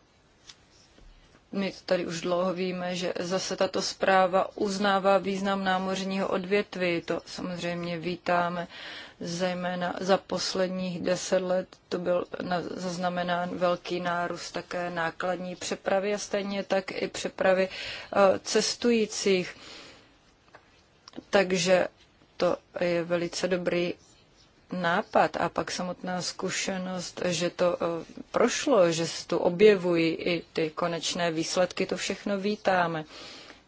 C: my tady už dlouho víme, že zase tato zpráva uznává význam námořního odvětví. To samozřejmě vítáme. Zejména za posledních deset let to byl zaznamenán velký nárůst také nákladní přepravy a stejně tak i přepravy eh, cestujících. Takže to je velice dobrý nápad a pak samotná zkušenost, že to eh, prošlo, že se tu objevují i ty konečné výsledky, to všechno vítáme.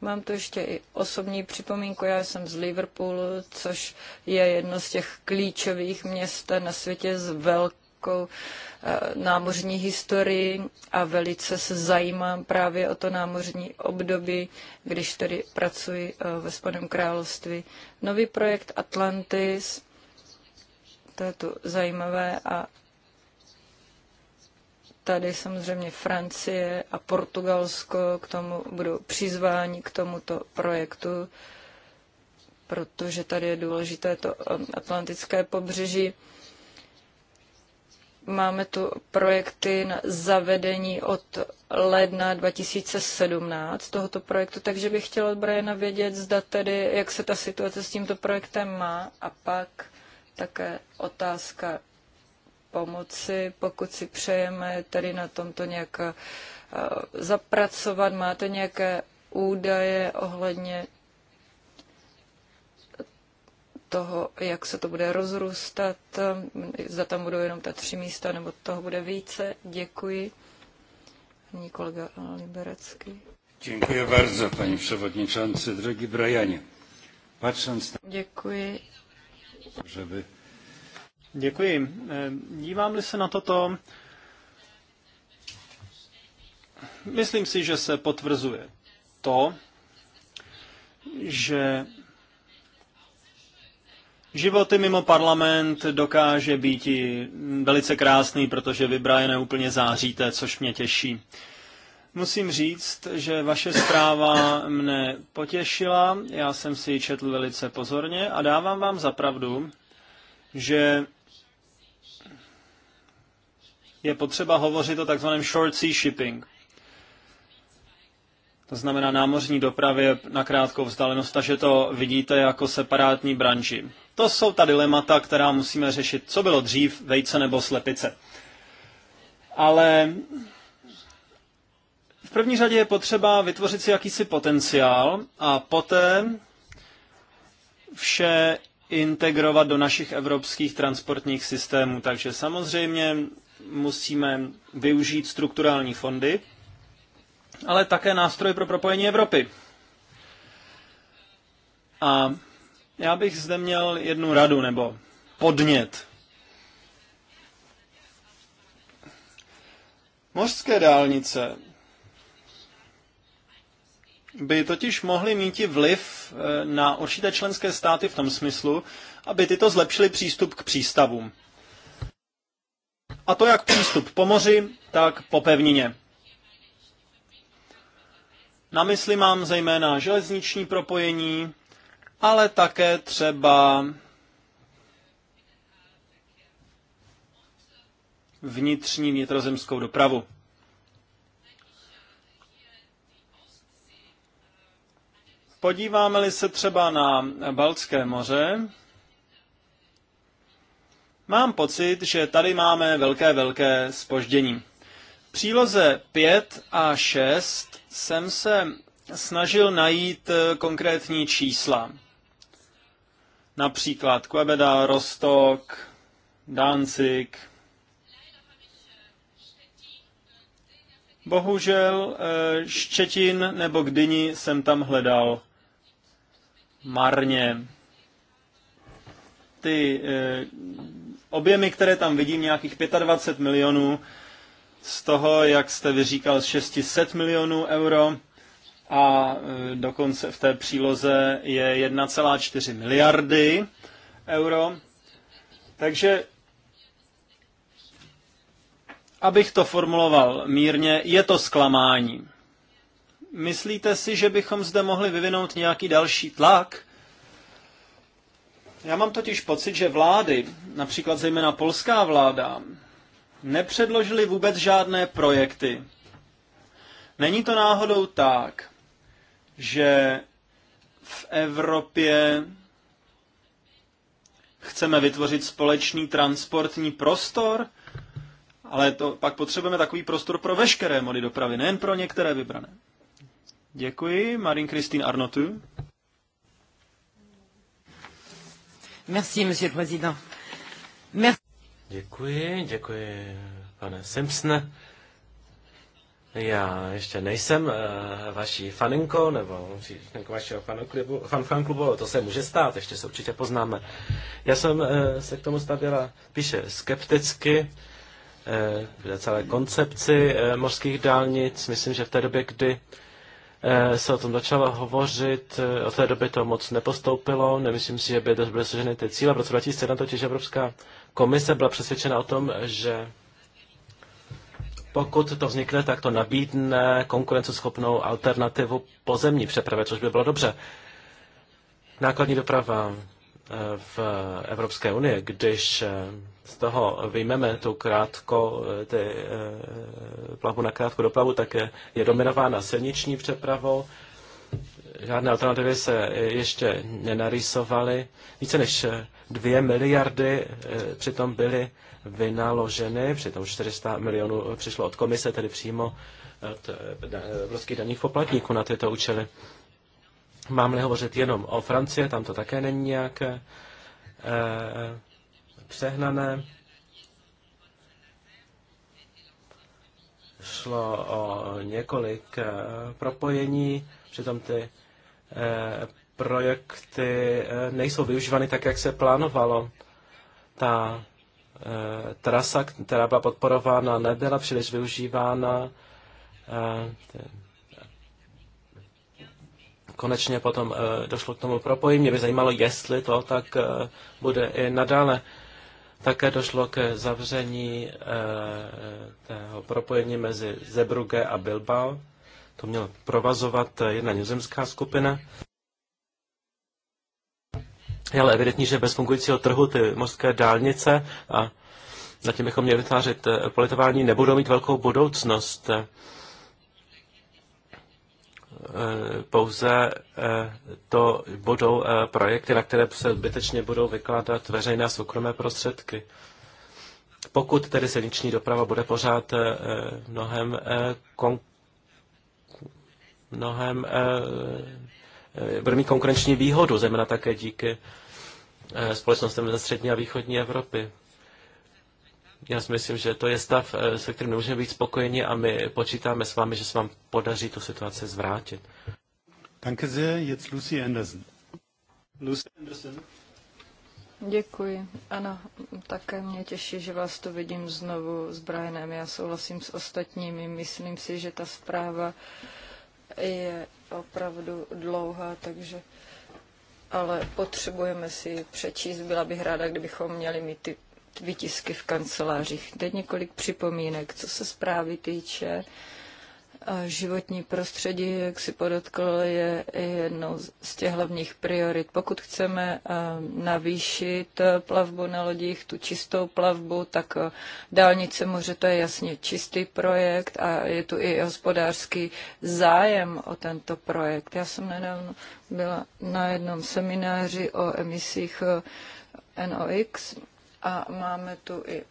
C: Mám tu ještě i osobní připomínku. Já jsem z Liverpoolu, což je jedno z těch klíčových měst na světě s velkou eh, námořní historii a velice se zajímám právě o to námořní období, když tedy pracuji eh, ve Spodném království. Nový projekt Atlantis, to je tu zajímavé a Tady samozřejmě Francie a Portugalsko k tomu budou přizváni k tomuto projektu, protože tady je důležité to um, atlantické pobřeží. Máme tu projekty na zavedení od ledna 2017 tohoto projektu, takže bych chtěla od Briana vědět, zda tedy, jak se ta situace s tímto projektem má a pak také otázka pomoci, pokud si přejeme tady na tomto nějak eh, zapracovat. Máte nějaké údaje ohledně toho, jak se to bude rozrůstat, zda tam budou jenom ta tři místa, nebo toho bude více. Děkuji. Pani kolega Liberecký.
A: Děkuji bardzo, paní
C: předsedající, drogi Brajani. Patrząc na...
A: Děkuji. Żeby Děkuji. Eh, dívám-li se na toto, myslím si, že se potvrzuje to, že životy mimo parlament dokáže být i velice krásný, protože vy, Brian, úplně záříte, což mě těší. Musím říct, že vaše zpráva mne potěšila, já jsem si ji četl velice pozorně a dávám vám za pravdu, že je potřeba hovořit o takzvaném short sea shipping. To znamená námořní dopravě na krátkou vzdálenost, takže to vidíte jako separátní branži. To jsou ta dilemata, která musíme řešit. Co bylo dřív, vejce nebo slepice? Ale v první řadě je potřeba vytvořit si jakýsi potenciál a poté vše integrovat do našich evropských transportních systémů. Takže samozřejmě musíme využít strukturální fondy, ale také nástroj pro propojení Evropy. A já bych zde měl jednu radu nebo podnět. Mořské dálnice by totiž mohly mít i vliv eh, na určité členské státy v tom smyslu, aby tyto zlepšily přístup k přístavům. A to jak přístup po moři, tak po pevnině. Na mysli mám zejména železniční propojení, ale také třeba vnitřní vnitrozemskou dopravu. Podíváme-li se třeba na Baltské moře, Mám pocit, že tady máme velké, velké spoždění. V příloze 5 a 6 jsem se snažil najít eh, konkrétní čísla. Například Kvebeda, Rostok, Danzig. Bohužel eh, Štětin nebo Gdyni jsem tam hledal marně. Ty eh, objemy, které tam vidím, nějakých 25 milionů, z toho, jak jste vyříkal, z 600 milionů euro a e, dokonce v té příloze je 1,4 miliardy euro. Takže abych to formuloval mírně, je to zklamání. Myslíte si, že bychom zde mohli vyvinout nějaký další tlak já mám totiž pocit, že vlády, například zejména polská vláda, nepředložily vůbec žádné projekty. Není to náhodou tak, že v Evropě chceme vytvořit společný transportní prostor, ale to pak potřebujeme takový prostor pro veškeré mody dopravy, nejen pro některé vybrané. Děkuji, Marin Kristýn Arnotu.
C: Merci, monsieur le président. Merci.
A: Děkuji,
B: děkuji, pane Simpson. Já ještě nejsem uh, vaší faninkou, nebo členkou vašeho fanklubu, fan, fanklubu, to se může stát, ještě se určitě poznáme. Já jsem uh, se k tomu stavěla píše skepticky, uh, k celé koncepci uh, mořských dálnic. Myslím, že v té době, kdy uh, Eh, se o tom začala hovořit, eh, od té doby to moc nepostoupilo, nemyslím si, že by byly složeny ty cíle. V roce 2007 totiž Evropská komise byla přesvědčena o tom, že pokud to vznikne, tak to nabídne konkurenceschopnou alternativu pozemní přepravě, což by bylo dobře. Nákladní doprava v Evropské unii, když eh, z toho vyjmeme tu krátko, eh, ty, eh, plavu na krátkou dopravu, tak je, je dominována silniční přepravou. Žádné alternativy se ještě nenarýsovaly. Více než dvě miliardy přitom byly vynaloženy, přitom 400 milionů přišlo od komise, tedy přímo od evropských daných poplatníků na tyto účely. Mám-li hovořit jenom o Francii, tam to také není nějaké eh, přehnané. Šlo o několik eh, propojení, přitom ty eh, projekty eh, nejsou využívány tak, jak se plánovalo. Ta eh, trasa, která byla podporována, nebyla příliš využívána. Eh, konečně potom eh, došlo k tomu propojení. Mě by zajímalo, jestli to tak eh, bude i nadále. Také došlo k zavření eh, toho propojení mezi Zebruge a Bilbao. To měla provazovat jedna nizozemská skupina. Je ale evidentní, že bez fungujícího trhu ty mořské dálnice a zatím bychom měli vytvářet politování, nebudou mít velkou budoucnost. Eh, pouze eh, to budou eh, projekty, na které se zbytečně budou vykládat veřejné a soukromé prostředky. Pokud tedy silniční doprava bude pořád mnohem, kon, mnohem bude mít konkurenční výhodu, zejména také díky společnostem ze střední a východní Evropy. Já si myslím, že to je stav, eh, se kterým nemůžeme být spokojeni a my počítáme s vámi, že se vám podaří tu situaci
A: zvrátit. Danke sehr, jetzt Lucy Anderson. Lucy Anderson.
C: Děkuji. Ano, také mě těší, že vás to vidím znovu s Brianem. Já souhlasím s ostatními. Myslím si, že ta zpráva je opravdu dlouhá, takže ale potřebujeme si ji přečíst. Byla bych ráda, kdybychom měli mít ty výtisky v kancelářích. Teď několik připomínek, co se zprávy týče. Životní prostředí, jak si podotkl, je jednou z těch hlavních priorit. Pokud chceme eh, navýšit eh, plavbu na lodích, tu čistou plavbu, tak eh, dálnice moře to je jasně čistý projekt a je tu i hospodářský zájem o tento projekt. Já jsem nedávno byla na jednom semináři o emisích NOx a máme tu i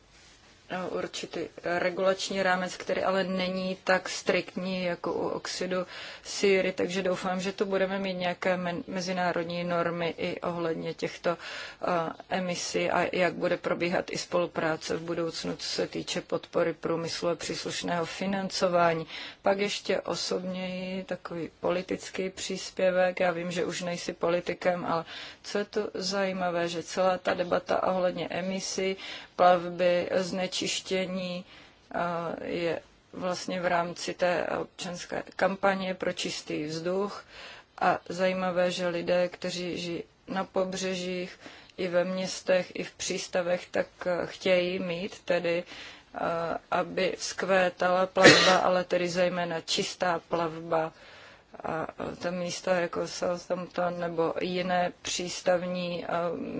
C: No, určitý regulační rámec, který ale není tak striktní jako u oxidu síry, takže doufám, že tu budeme mít nějaké mezinárodní normy i ohledně těchto eh, emisí a jak bude probíhat i spolupráce v budoucnu, co se týče podpory průmyslu a příslušného financování. Pak ještě osobněji takový politický příspěvek. Já vím, že už nejsi politikem, ale co je to zajímavé, že celá ta debata ohledně emisí plavby, znečištění je vlastně v rámci té občanské kampaně pro čistý vzduch. A zajímavé, že lidé, kteří žijí na pobřežích, i ve městech, i v přístavech, tak eh, chtějí mít tedy, eh, aby vzkvétala plavba, ale tedy zejména čistá plavba a to místo jako Southampton nebo jiné přístavní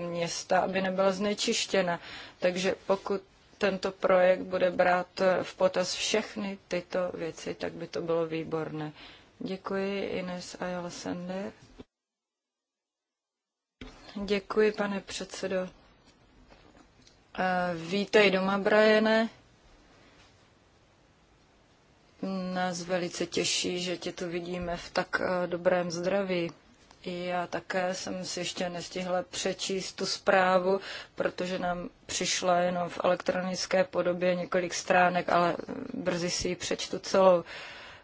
C: města, aby nebyla znečištěna. Takže pokud tento projekt bude brát v potaz všechny tyto věci, tak by to bylo výborné. Děkuji Ines a Sender. Děkuji, pane předsedo. Vítej doma, Brajene. Nás velice těší, že tě tu vidíme v tak eh, dobrém zdraví. Já také jsem si ještě nestihla přečíst tu zprávu, protože nám přišla jenom v elektronické podobě několik stránek, ale eh, brzy si ji přečtu celou.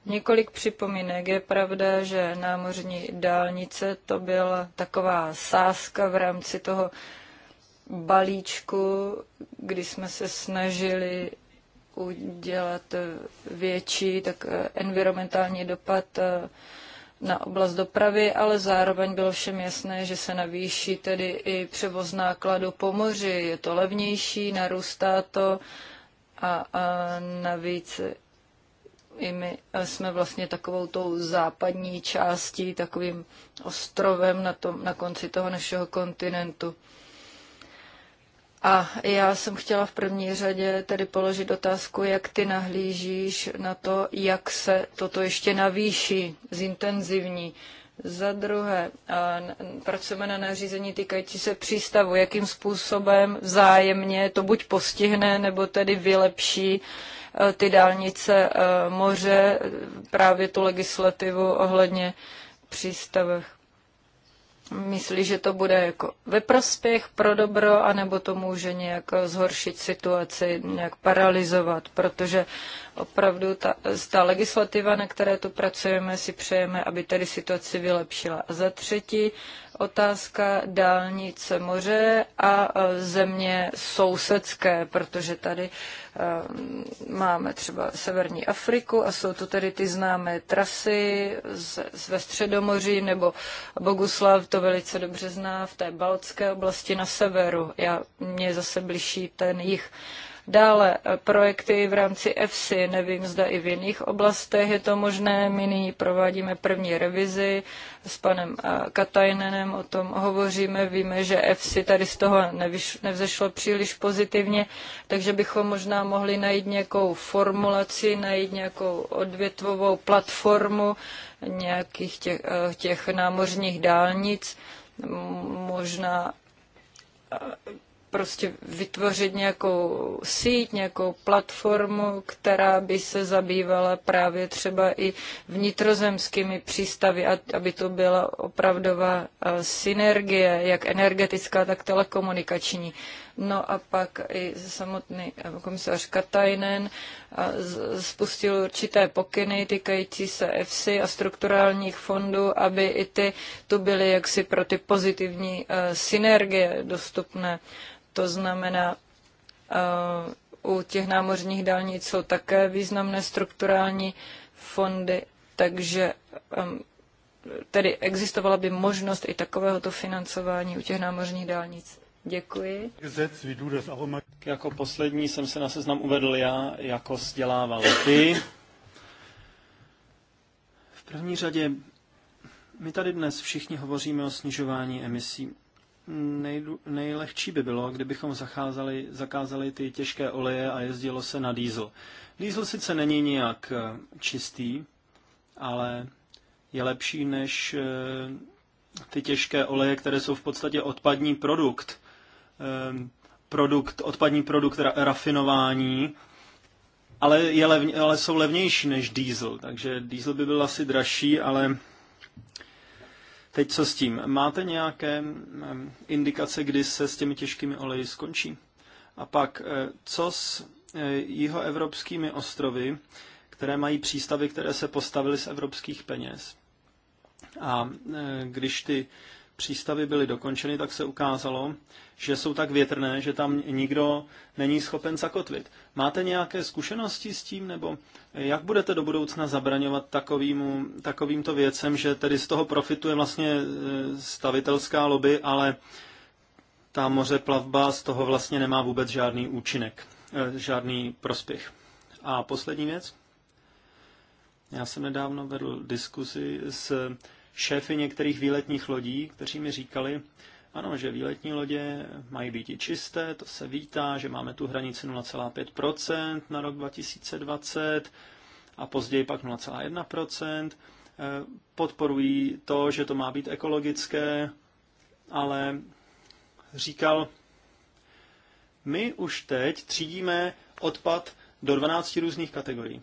C: Několik připomínek. Je pravda, že námořní dálnice to byla taková sázka v rámci toho balíčku, kdy jsme se snažili udělat větší, tak eh, environmentální dopad eh, na oblast dopravy, ale zároveň bylo všem jasné, že se navýší tedy i převoz nákladu po moři. Je to levnější, narůstá to a, a navíc i my eh, jsme vlastně takovou tou západní částí, takovým ostrovem na, tom, na konci toho našeho kontinentu. A já jsem chtěla v první řadě tedy položit otázku, jak ty nahlížíš na to, jak se toto ještě navýší, zintenzivní. Za druhé, pracujeme na nařízení týkající se přístavu, jakým způsobem vzájemně to buď postihne, nebo tedy vylepší e, ty dálnice e, moře, e, právě tu legislativu ohledně přístavech myslí, že to bude jako ve prospěch, pro dobro, anebo to může nějak zhoršit situaci, nějak paralizovat, protože opravdu ta, ta legislativa, na které tu pracujeme, si přejeme, aby tedy situaci vylepšila. A za třetí, otázka dálnice moře a e, země sousedské, protože tady e, máme třeba Severní Afriku a jsou to tedy ty známé trasy z, ve Středomoří, nebo Boguslav to velice dobře zná v té baltské oblasti na severu. Já, mě zase bližší ten jich. Dále eh, projekty v rámci EFSI, nevím, zda i v jiných oblastech je to možné. My nyní provádíme první revizi s panem eh, Katajnenem, o tom hovoříme. Víme, že EFSI tady z toho nevyš, nevzešlo příliš pozitivně, takže bychom možná mohli najít nějakou formulaci, najít nějakou odvětvovou platformu nějakých těch, eh, těch námořních dálnic, možná prostě vytvořit nějakou síť, nějakou platformu, která by se zabývala právě třeba i vnitrozemskými přístavy, aby to byla opravdová eh, synergie, jak energetická, tak telekomunikační. No a pak i samotný eh, komisař Katajnen eh, spustil určité pokyny týkající se EFSI a strukturálních fondů, aby i ty tu byly jaksi pro ty pozitivní synergie dostupné. To znamená, eh, u těch námořních dálnic jsou také významné strukturální fondy, takže tedy existovala by možnost i takovéhoto financování u těch námořních dálnic. Děkuji.
A: Jako poslední jsem se na seznam uvedl já, jako vzdělával ty. V první řadě my tady dnes všichni hovoříme o snižování emisí nejdu, nejlehčí by bylo, kdybychom zacházali, zakázali ty těžké oleje a jezdilo se na diesel. Diesel sice není nijak eh, čistý, ale je lepší než eh, ty těžké oleje, které jsou v podstatě odpadní produkt. Ehm, produkt, odpadní produkt rafinování, ale, je levně, ale jsou levnější než diesel, takže diesel by byl asi dražší, ale Teď co s tím? Máte nějaké mm, indikace, kdy se s těmi těžkými oleji skončí? A pak, eh, co s eh, jihoevropskými ostrovy, které mají přístavy, které se postavily z evropských peněz? A eh, když ty přístavy byly dokončeny, tak se ukázalo, že jsou tak větrné, že tam nikdo není schopen zakotvit. Máte nějaké zkušenosti s tím, nebo jak budete do budoucna zabraňovat takovýmu, takovýmto věcem, že tedy z toho profituje vlastně e, stavitelská lobby, ale ta moře plavba z toho vlastně nemá vůbec žádný účinek, e, žádný prospěch. A poslední věc. Já jsem nedávno vedl diskuzi s šéfy některých výletních lodí, kteří mi říkali, ano, že výletní lodě mají být i čisté, to se vítá, že máme tu hranici 0,5% na rok 2020 a později pak 0,1%. Eh, podporují to, že to má být ekologické, ale říkal, my už teď třídíme odpad do 12 různých kategorií.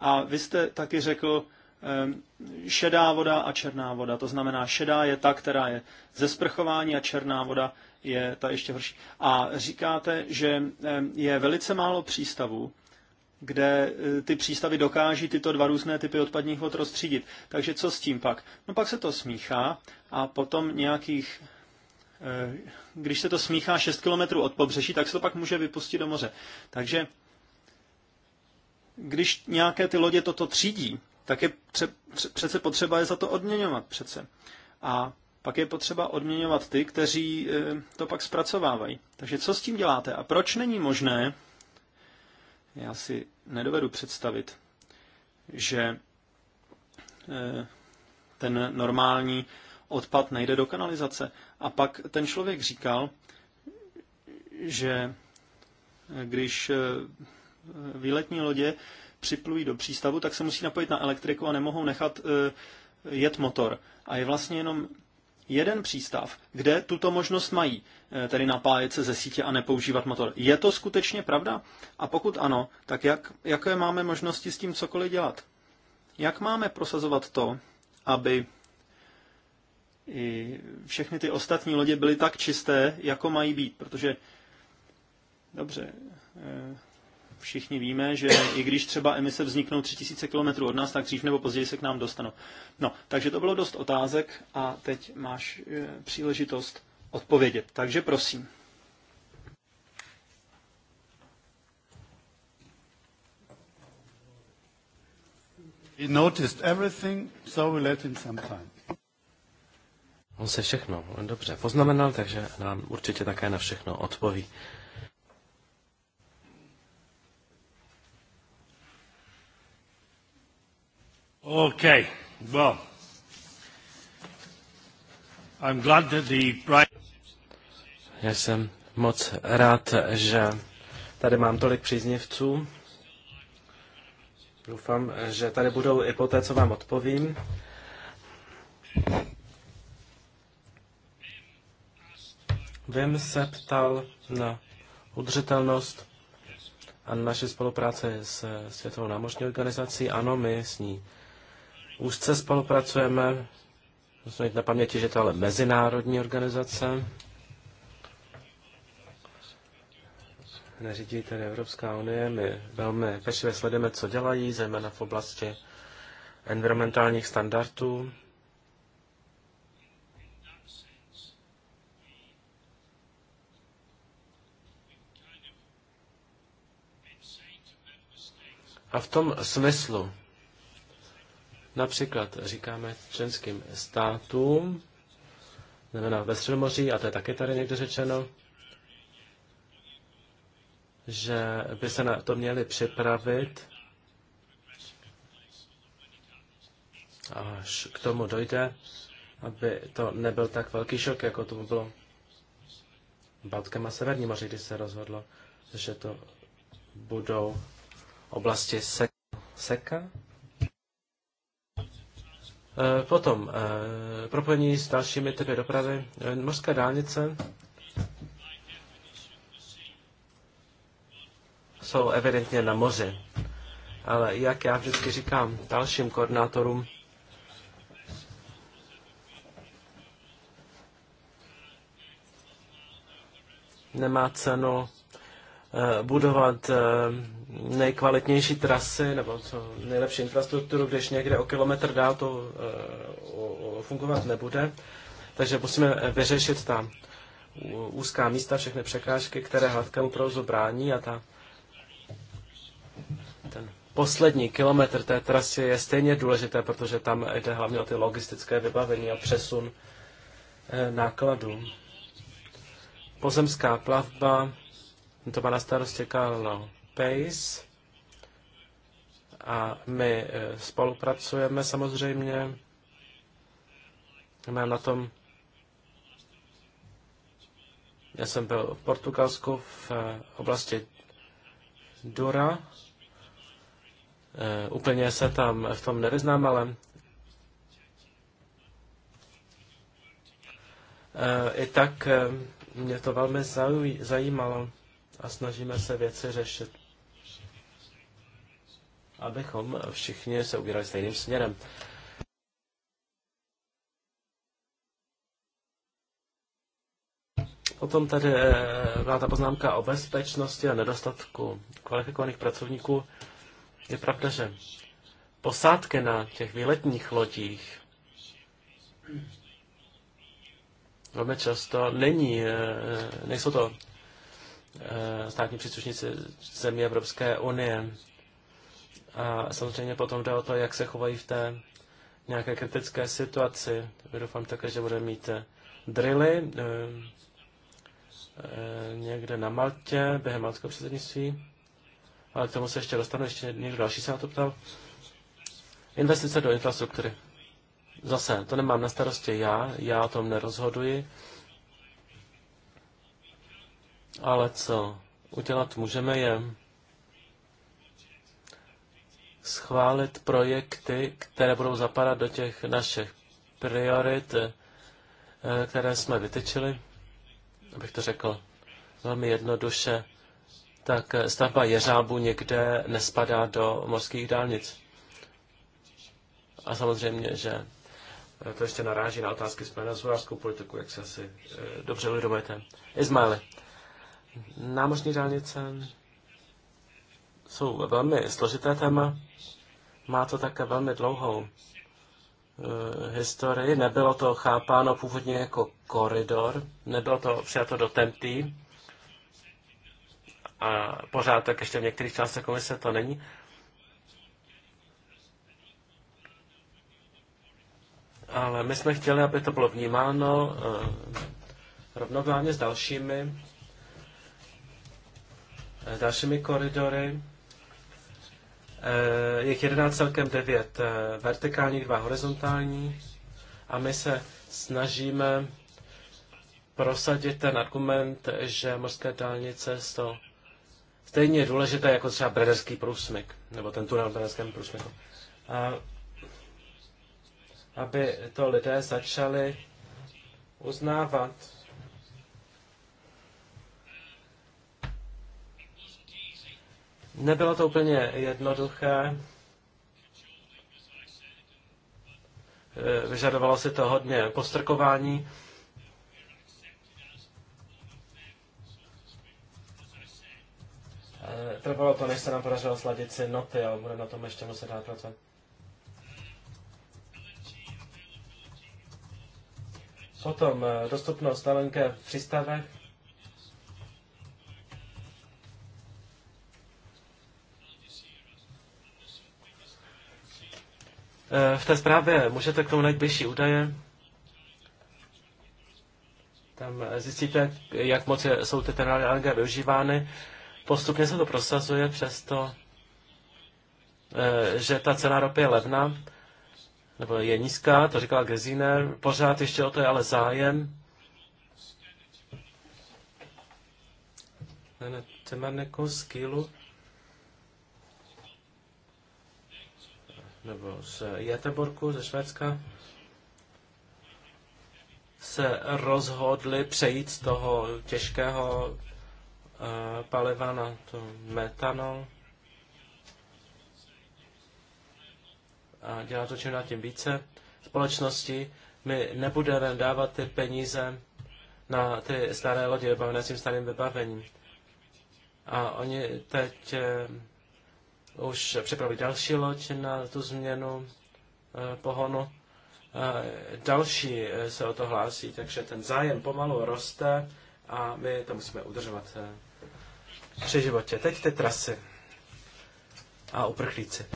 A: A vy jste taky řekl, Ehm, šedá voda a černá voda. To znamená, šedá je ta, která je ze sprchování a černá voda je ta ještě horší. A říkáte, že ehm, je velice málo přístavů, kde eh, ty přístavy dokáží tyto dva různé typy odpadních vod rozstřídit. Takže co s tím pak? No pak se to smíchá a potom nějakých eh, když se to smíchá 6 km od pobřeží, tak se to pak může vypustit do moře. Takže když nějaké ty lodě toto třídí, tak je pře- pře- přece potřeba je za to odměňovat přece. A pak je potřeba odměňovat ty, kteří e, to pak zpracovávají. Takže co s tím děláte a proč není možné, já si nedovedu představit, že e, ten normální odpad nejde do kanalizace. A pak ten člověk říkal, že e, když výletní lodě připlují do přístavu, tak se musí napojit na elektriku a nemohou nechat e, jet motor. A je vlastně jenom jeden přístav, kde tuto možnost mají, e, tedy napájet se ze sítě a nepoužívat motor. Je to skutečně pravda? A pokud ano, tak jak, jaké máme možnosti s tím cokoliv dělat? Jak máme prosazovat to, aby i všechny ty ostatní lodě byly tak čisté, jako mají být? Protože, dobře, e, všichni víme, že i když třeba emise vzniknou 3000 km od nás, tak dřív nebo později se k nám dostanou. No, takže to bylo dost otázek a teď máš eh, příležitost odpovědět. Takže prosím. He noticed everything,
B: so we let him some time. On se všechno dobře poznamenal, takže nám určitě také na všechno odpoví. Okay. Well, I'm glad that the... Já jsem moc rád, že tady mám tolik příznivců. Doufám, že tady budou i po té, co vám odpovím. Vím se ptal na udržitelnost a naše spolupráce s Světovou námořní organizací. Ano, my s ní Úzce spolupracujeme, musím mít na paměti, že to ale mezinárodní organizace. Neřídí tedy Evropská unie, my velmi pečlivě sledujeme, co dělají, zejména v oblasti environmentálních standardů. A v tom smyslu Například říkáme členským státům, znamená ve Středomoří, a to je také tady někde řečeno, že by se na to měli připravit, až k tomu dojde, aby to nebyl tak velký šok, jako to bylo v Baltském a Severním moři, kdy se rozhodlo, že to budou oblasti seka, seka Eh, potom eh, propojení s dalšími typy dopravy. Eh, Mořská dálnice jsou evidentně na moři. Ale jak já vždycky říkám dalším koordinátorům, nemá cenu Eh, budovat eh, nejkvalitnější trasy nebo co nejlepší infrastrukturu, když někde o kilometr dál to eh, fungovat nebude. Takže musíme vyřešit ta úzká místa, všechny překážky, které hladkému provozu brání a ta, ten poslední kilometr té trasy je stejně důležité, protože tam jde hlavně o ty logistické vybavení a přesun nákladů. Pozemská plavba to má na starosti Carlo Pace a my e, spolupracujeme samozřejmě. Mám na tom já jsem byl v Portugalsku v e, oblasti Dura. E, úplně se tam v tom nevyznám, ale i tak mě to velmi zajímalo a snažíme se věci řešit, abychom všichni se ubírali stejným směrem. Potom tady eh, byla ta poznámka o bezpečnosti a nedostatku kvalifikovaných pracovníků. Je pravda, že posádky na těch výletních lodích velmi často není, eh, nejsou to Eh, státní příslušníci zemí Evropské unie. A samozřejmě potom jde o to, jak se chovají v té nějaké kritické situaci. Doufám také, že bude mít eh, drily eh, někde na Maltě během maltského předsednictví. Ale k tomu se ještě dostanu, ještě někdo další se na to ptal. Investice do infrastruktury. Zase, to nemám na starosti já, já o tom nerozhoduji. Ale co udělat můžeme je schválit projekty, které budou zapadat do těch našich priorit, eh, které jsme vytyčili, abych to řekl velmi jednoduše, tak eh, stavba jeřábu někde nespadá do morských dálnic. A samozřejmě, že eh, to ještě naráží na otázky spojené s politiku, jak se asi dobře uvědomujete. Izmaili, Námořní dálnice jsou velmi složité téma. Má to také velmi dlouhou e, historii. Nebylo to chápáno původně jako koridor, nebylo to přijato do Tempy a pořád tak ještě v některých částech komise to není. Ale my jsme chtěli, aby to bylo vnímáno e, rovnovážně s dalšími Eh, dalšími koridory. Eh, jich jedenáct celkem devět eh, vertikálních, dva horizontální. A my se snažíme prosadit ten argument, že mořské dálnice jsou stejně důležité jako třeba Brederský průsmyk, nebo ten tunel v Brederském průsmyku. A aby to lidé začali uznávat Nebylo to úplně jednoduché. Eh, vyžadovalo si to hodně postrkování. Eh, trvalo to, než se nám podařilo sladit si noty, ale budeme na tom ještě muset dát pracovat. Potom eh, dostupnost LNG v přístavech. Eh, v té zprávě můžete k tomu najít blížší údaje. Tam eh, zjistíte, jak moc jsou ty terminály využívány. Postupně se to prosazuje, přesto eh, že ta cena ropy je levná, nebo je nízká, to říkala Gesiner, pořád ještě o to je ale zájem. Cemaniku, skýlu. nebo z Jeteborku, ze Švédska, se rozhodli přejít z toho těžkého eh, paliva na to metanol. A dělá to čím na tím více společnosti. My nebudeme dávat ty peníze na ty staré lodě vybavené s tím starým vybavením. A oni teď eh, už připravit další loď na tu změnu eh, pohonu. Eh, další eh, se o to hlásí, takže ten zájem pomalu roste a my to musíme udržovat při životě. Teď ty trasy a uprchlíci.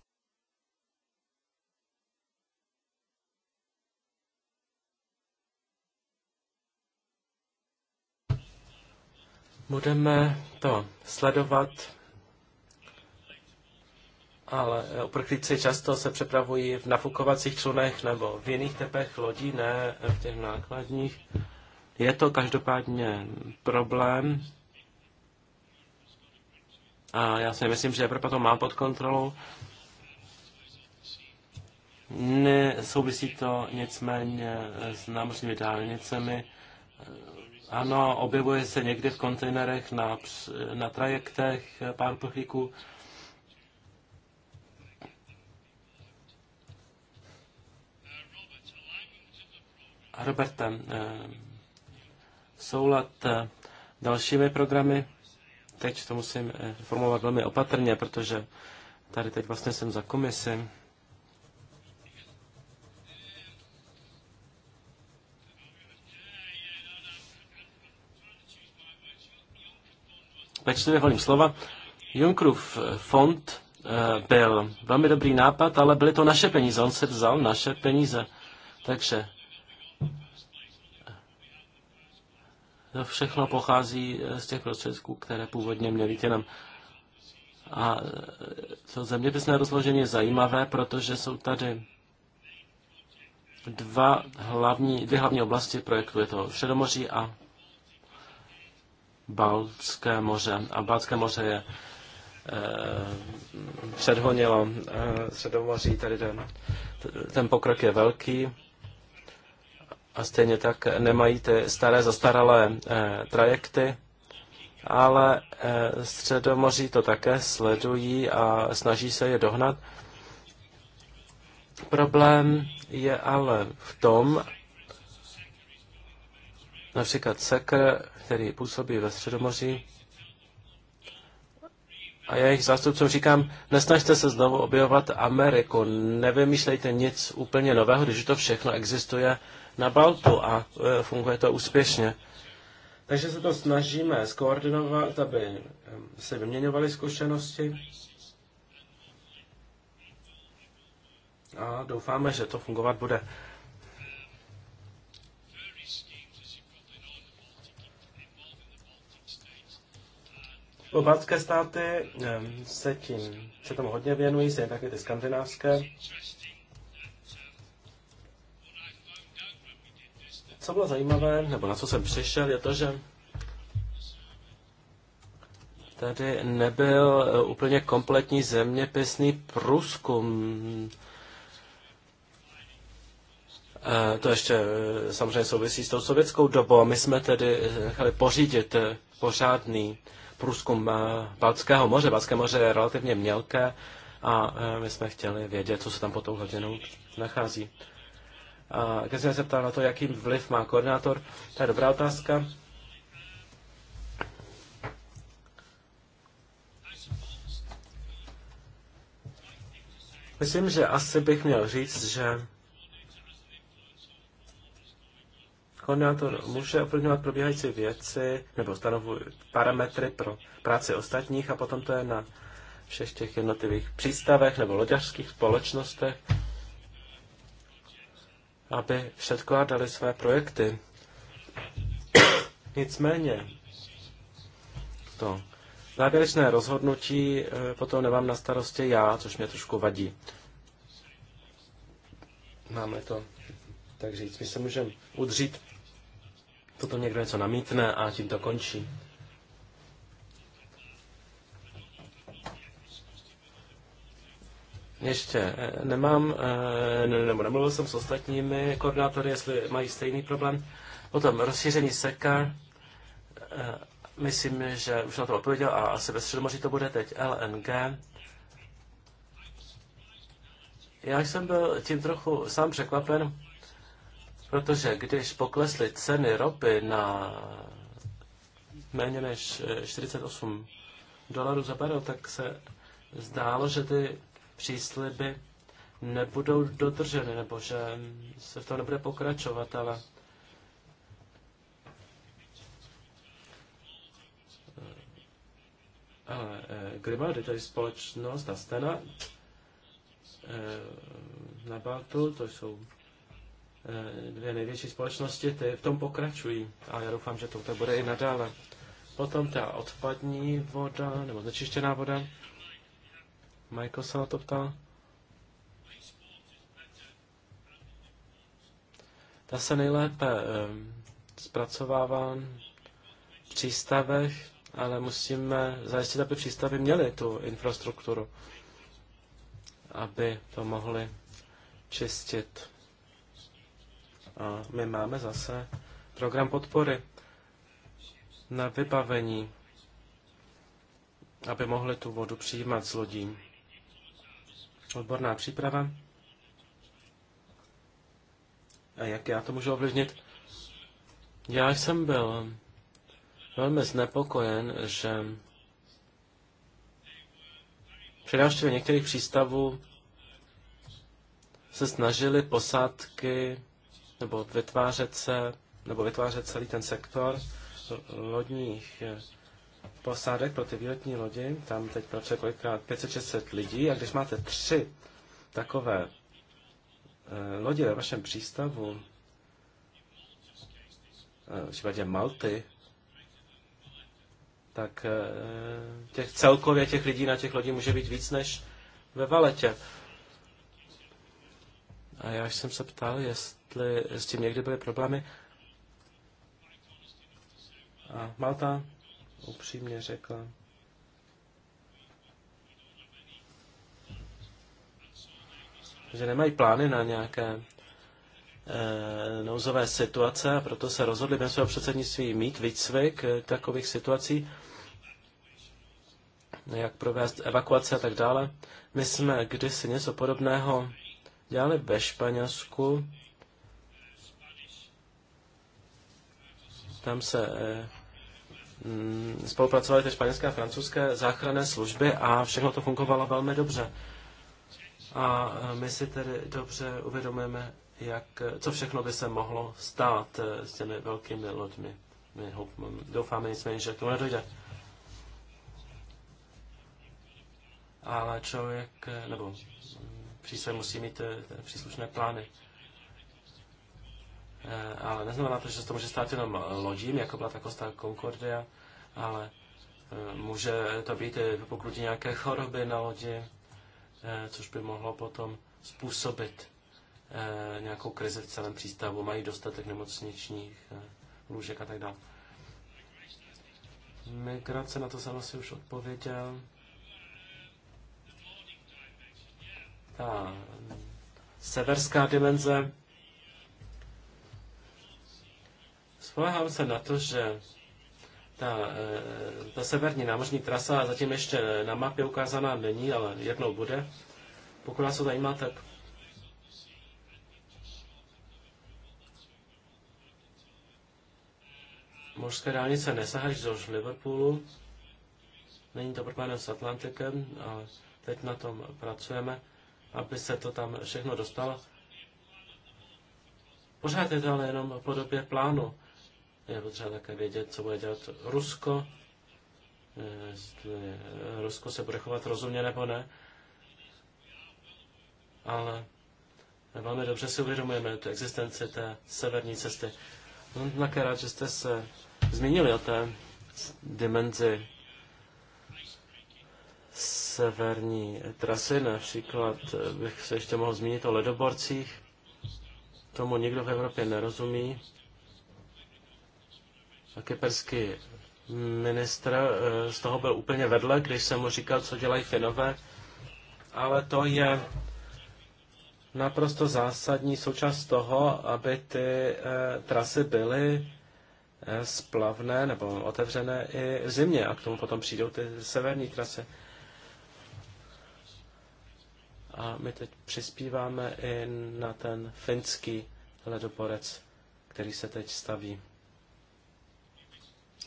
B: Budeme to sledovat ale uprchlíci často se přepravují v nafukovacích člunech nebo v jiných tepech lodí, ne v těch nákladních. Je to každopádně problém. A já si myslím, že Evropa to má pod kontrolou. Nesouvisí to nicméně s námořními dálnicemi. Ano, objevuje se někdy v kontejnerech na, na trajektech pár uprchlíků, Robertem, eh, soulad eh, dalšími programy, teď to musím eh, formulovat velmi opatrně, protože tady teď vlastně jsem za komisi. Pečlivě volím slova. Junkrův fond byl velmi dobrý nápad, ale byly to naše peníze. On se vzal naše peníze. Takže všechno pochází eh, z těch prostředků, které původně měly jít jenom. A eh, to zeměpisné rozložení je zajímavé, protože jsou tady dva hlavní, dvě hlavní oblasti projektu. Je to Středomoří a Balcké moře. A Balcké moře je eh, předhonilo eh, Středomoří. Tady ten, ten pokrok je velký a stejně tak nemají ty staré zastaralé eh, trajekty, ale eh, Středomoří to také sledují a snaží se je dohnat. Problém je ale v tom, například Sekr, který působí ve Středomoří, a já jejich zástupcům říkám, nesnažte se znovu objevovat Ameriku, nevymýšlejte nic úplně nového, když to všechno existuje na Baltu a funguje to úspěšně. Takže se to snažíme skoordinovat, aby se vyměňovaly zkušenosti. A doufáme, že to fungovat bude. Pobaltské státy se tím se tomu hodně věnují, se taky ty skandinávské. Co bylo zajímavé, nebo na co jsem přišel, je to, že tady nebyl eh, úplně kompletní zeměpisný průzkum. Eh, to ještě eh, samozřejmě souvisí s tou sovětskou dobou. My jsme tedy nechali pořídit pořádný průzkum Balckého moře. Balcké moře je relativně mělké a my jsme chtěli vědět, co se tam pod tou hladinou nachází. A když jsem se ptal na to, jaký vliv má koordinátor, to je dobrá otázka. Myslím, že asi bych měl říct, že koordinátor může ovlivňovat probíhající věci nebo stanovuje parametry pro práci ostatních a potom to je na všech těch jednotlivých přístavech nebo loďařských společnostech, aby předkládali své projekty. Nicméně to závěrečné rozhodnutí eh, potom nemám na starosti já, což mě trošku vadí. Máme to, tak říct, my se můžeme udřít, potom někdo něco namítne a tím to končí. Ještě eh, nemám, eh, nebo nemluvil jsem s ostatními koordinátory, jestli mají stejný problém. Potom rozšíření seka, eh, myslím, že už na to odpověděl a asi bez Středomoří to bude teď LNG. Já jsem byl tím trochu sám překvapen, protože když poklesly ceny ropy na méně než 48 dolarů za barel, tak se zdálo, že ty přísliby nebudou dodrženy, nebo že se v tom nebude pokračovat, ale ale eh, Grimaldi, to je společnost a Stena eh, na Baltu, to jsou eh, dvě největší společnosti, ty v tom pokračují a já doufám, že to bude i nadále. Potom ta odpadní voda nebo znečištěná voda, Michael se na to ptal. Ta se nejlépe zpracovává v přístavech, ale musíme zajistit, aby přístavy měly tu infrastrukturu, aby to mohli čistit. A my máme zase program podpory na vybavení, aby mohli tu vodu přijímat s lodím odborná příprava. A jak já to můžu ovlivnit? Já jsem byl velmi znepokojen, že při návštěvě některých přístavů se snažili posádky nebo vytvářet se, nebo vytvářet celý ten sektor lodních posádek pro ty výletní lodi, tam teď pracuje kolikrát 500-600 lidí a když máte tři takové eh, lodě ve vašem přístavu, eh, v případě Malty, tak eh, těch celkově těch lidí na těch lodí může být víc než ve Valetě. A já jsem se ptal, jestli s tím někdy byly problémy. A Malta upřímně řekla. Že nemají plány na nějaké e, nouzové situace a proto se rozhodli během svého předsednictví mít výcvik eh, takových situací, jak provést evakuace a tak dále. My jsme kdysi něco podobného dělali ve Španělsku. Tam se e, Mm, spolupracovaly ty španělské a francouzské záchranné služby a všechno to fungovalo velmi dobře. A e, my si tedy dobře uvědomujeme, jak, e, co všechno by se mohlo stát e, s těmi velkými loďmi. My doufáme nicméně, že to nedojde. Ale člověk, nebo přístroj musí mít příslušné plány. Eh, ale neznamená to, že se to může stát jenom lodím, jako byla ta Costa Concordia, ale eh, může to být pokud nějaké choroby na lodi, eh, což by mohlo potom způsobit nějakou krizi v celém přístavu, mají dostatek nemocničních lůžek a tak dále. Migrace, na to jsem asi už odpověděl. Ta mm, severská dimenze, Spolehám se na to, že ta, eh, ta severní námořní trasa zatím ještě na mapě ukázaná není, ale jednou bude. Pokud vás to zajímá, tak mořské dálnice nesahají do Liverpoolu. Není to problém s Atlantikem, ale teď na tom pracujeme, aby se to tam všechno dostalo. Pořád je to ale jenom v podobě plánu. Je potřeba také vědět, co bude dělat Rusko, jestli eh, Rusko se bude chovat rozumně nebo ne. Ale velmi dobře si uvědomujeme tu existenci té severní cesty. Jsem také rád, že jste se zmínili o té dimenzi severní trasy. Například eh, bych se ještě mohl zmínit o ledoborcích. Tomu nikdo v Evropě nerozumí kyperský ministr eh, z toho byl úplně vedle, když jsem mu říkal, co dělají Finové, ale to je naprosto zásadní součást toho, aby ty eh, trasy byly eh, splavné nebo otevřené i v zimě a k tomu potom přijdou ty severní trasy. A my teď přispíváme i na ten finský ledoporec, který se teď staví.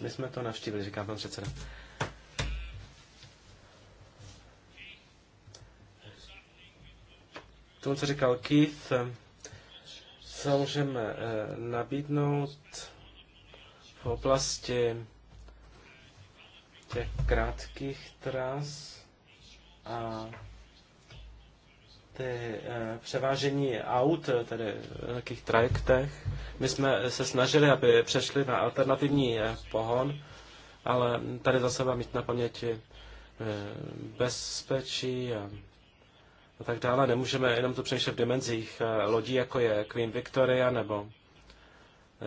B: My jsme to navštívili, říká pan předseda. Tomu, co říkal Keith, co můžeme eh, nabídnout v oblasti těch krátkých tras a ty eh, převážení aut, eh, tedy v eh, takých trajektech. My jsme se snažili, aby přešli na alternativní pohon, ale tady zase mám mít na paměti bezpečí a, a tak dále. Nemůžeme jenom to přemýšlet v dimenzích lodí, jako je Queen Victoria nebo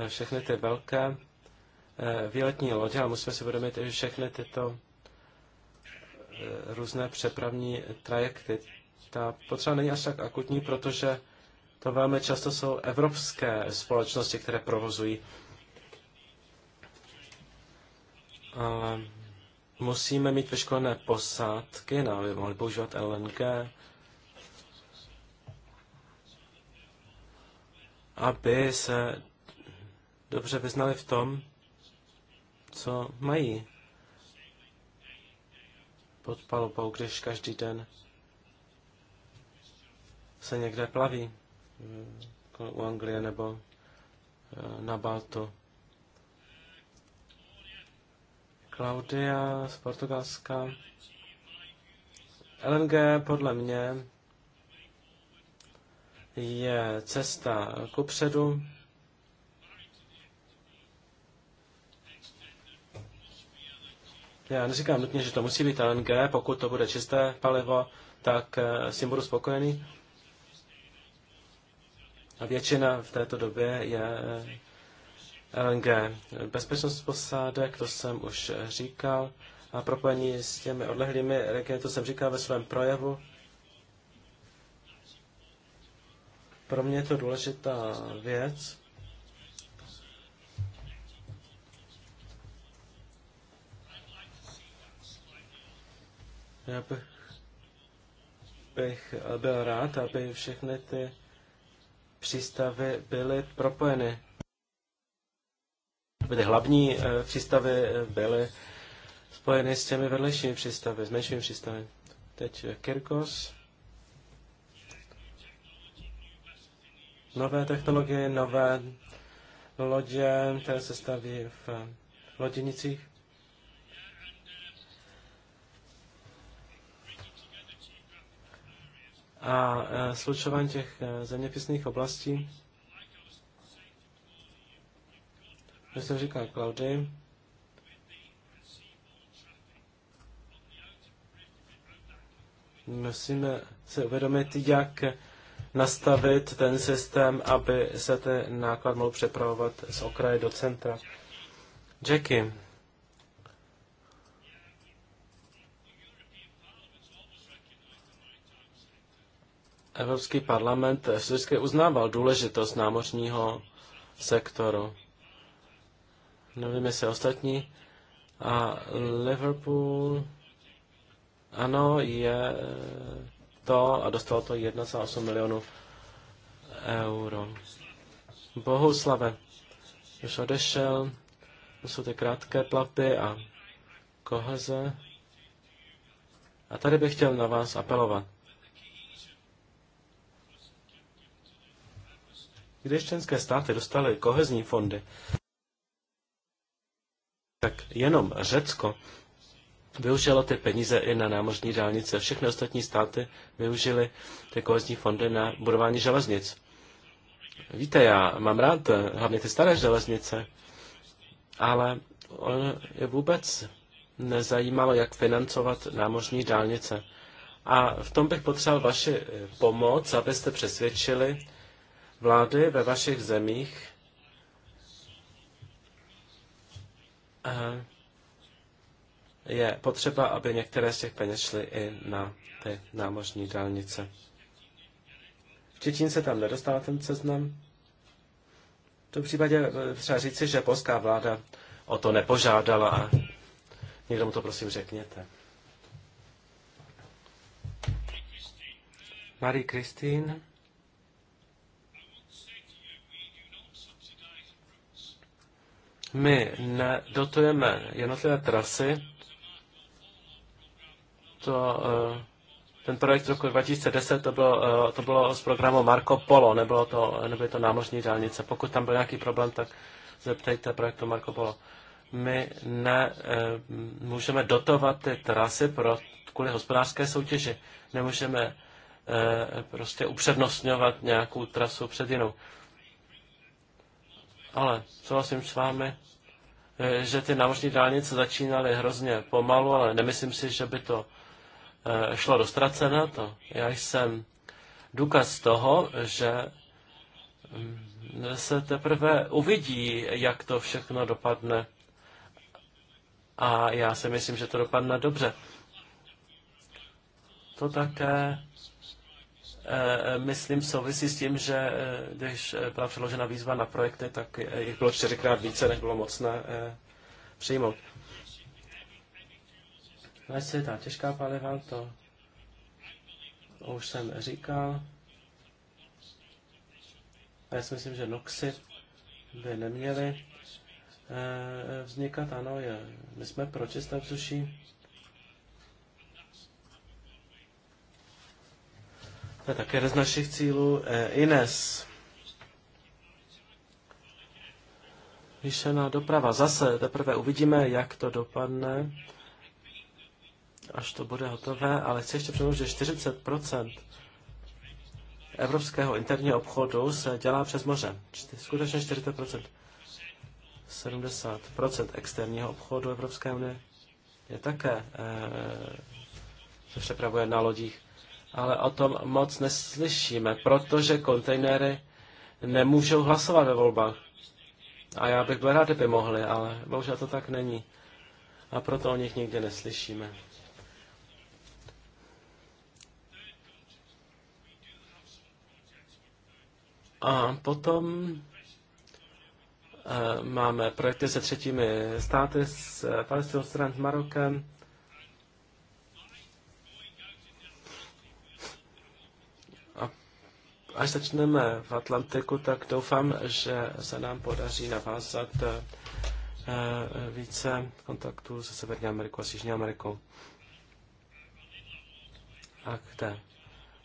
B: všechny ty velké výletní lodě, ale musíme si uvědomit, i všechny tyto různé přepravní trajekty ta potřeba není až tak akutní, protože to velmi často jsou evropské společnosti, které provozují. Ale musíme mít vyškolené posádky, no, aby mohli používat LNG, aby se dobře vyznali v tom, co mají pod palubou, když každý den se někde plaví eh, jako u Anglie nebo eh, na Balto? Claudia z Portugalska. LNG podle mě je cesta ku předu. Já neříkám nutně, že to musí být LNG, pokud to bude čisté palivo, tak eh, si budu spokojený. A většina v této době je eh, LNG. Bezpečnost posádek, to jsem už říkal, a propojení s těmi odlehlými regiony, to jsem říkal ve svém projevu. Pro mě je to důležitá věc. Já bych, bych byl rád, aby všechny ty přístavy byly propojeny. Ty hlavní eh, přístavy eh, byly spojeny s těmi vedlejšími přístavy, s menšími přístavy. Teď eh, Kirkos. Nové technologie, nové lodě, které se staví v loděnicích. a e, slučování těch e, zeměpisných oblastí. Jak jsem říkal Klaudy, musíme se uvědomit, jak nastavit ten systém, aby se ten náklad mohl přepravovat z okraje do centra. Jackie, Evropský parlament vždycky uznával důležitost námořního sektoru. Nevím, jestli ostatní. A Liverpool, ano, je to a dostalo to 1,8 milionů euro. Bohuslave už odešel, to jsou ty krátké plavby a koheze. A tady bych chtěl na vás apelovat. Když členské státy dostaly kohezní fondy, tak jenom Řecko využilo ty peníze i na námořní dálnice. Všechny ostatní státy využily ty kohezní fondy na budování železnic. Víte, já mám rád eh, hlavně ty staré železnice, ale on je vůbec nezajímalo, jak financovat námořní dálnice. A v tom bych potřeboval vaši eh, pomoc, abyste přesvědčili vlády ve vašich zemích eh, je potřeba, aby některé z těch peněz šly i na ty námořní dálnice. Čečín se tam nedostal ten seznam. V tom případě eh, třeba říci, že polská vláda o to nepožádala a někdo mu to prosím řekněte. Marie Christine. My nedotujeme jednotlivé trasy. To, eh, ten projekt roku 2010 to bylo, eh, to bylo z programu Marco Polo, nebylo to, nebyly to námořní dálnice. Pokud tam byl nějaký problém, tak zeptejte projektu Marco Polo. My ne, eh, můžeme dotovat ty trasy pro, kvůli hospodářské soutěži. Nemůžeme prostě upřednostňovat nějakou trasu před jinou. Ale souhlasím s vámi, eh, že ty námořní dálnice začínaly hrozně pomalu, ale nemyslím si, že by to eh, šlo dostracena. To já jsem důkaz toho, že mm, se teprve uvidí, jak to všechno dopadne. A já si myslím, že to dopadne dobře. To také Eh, eh, myslím, souvisí s tím, že eh, když byla přeložena výzva na projekty, tak jich bylo čtyřikrát více, než bylo mocné přijmout. Lesy, ta těžká paliva, to už jsem říkal. Já si myslím, že noxy by neměly vznikat. Ano, je, my jsme pro čisté vzduší. To je také jeden z našich cílů. E, Ines. Vyšená doprava. Zase teprve uvidíme, jak to dopadne, až to bude hotové, ale chci ještě přemluvit, že 40% evropského interního obchodu se dělá přes moře. Skutečně 40%. 70% externího obchodu Evropské unie je také e, se přepravuje na lodích ale o tom moc neslyšíme, protože kontejnery nemůžou hlasovat ve volbách. A já bych byl rád, kdyby mohli, ale bohužel to tak není. A proto o nich nikdy neslyšíme. A potom eh, máme projekty se třetími státy, s eh, Palestinou, stran Marokem, Až začneme v Atlantiku, tak doufám, že se nám podaří navázat eh, eh, více kontaktů se Severní Amerikou a s Jižní Amerikou. A k té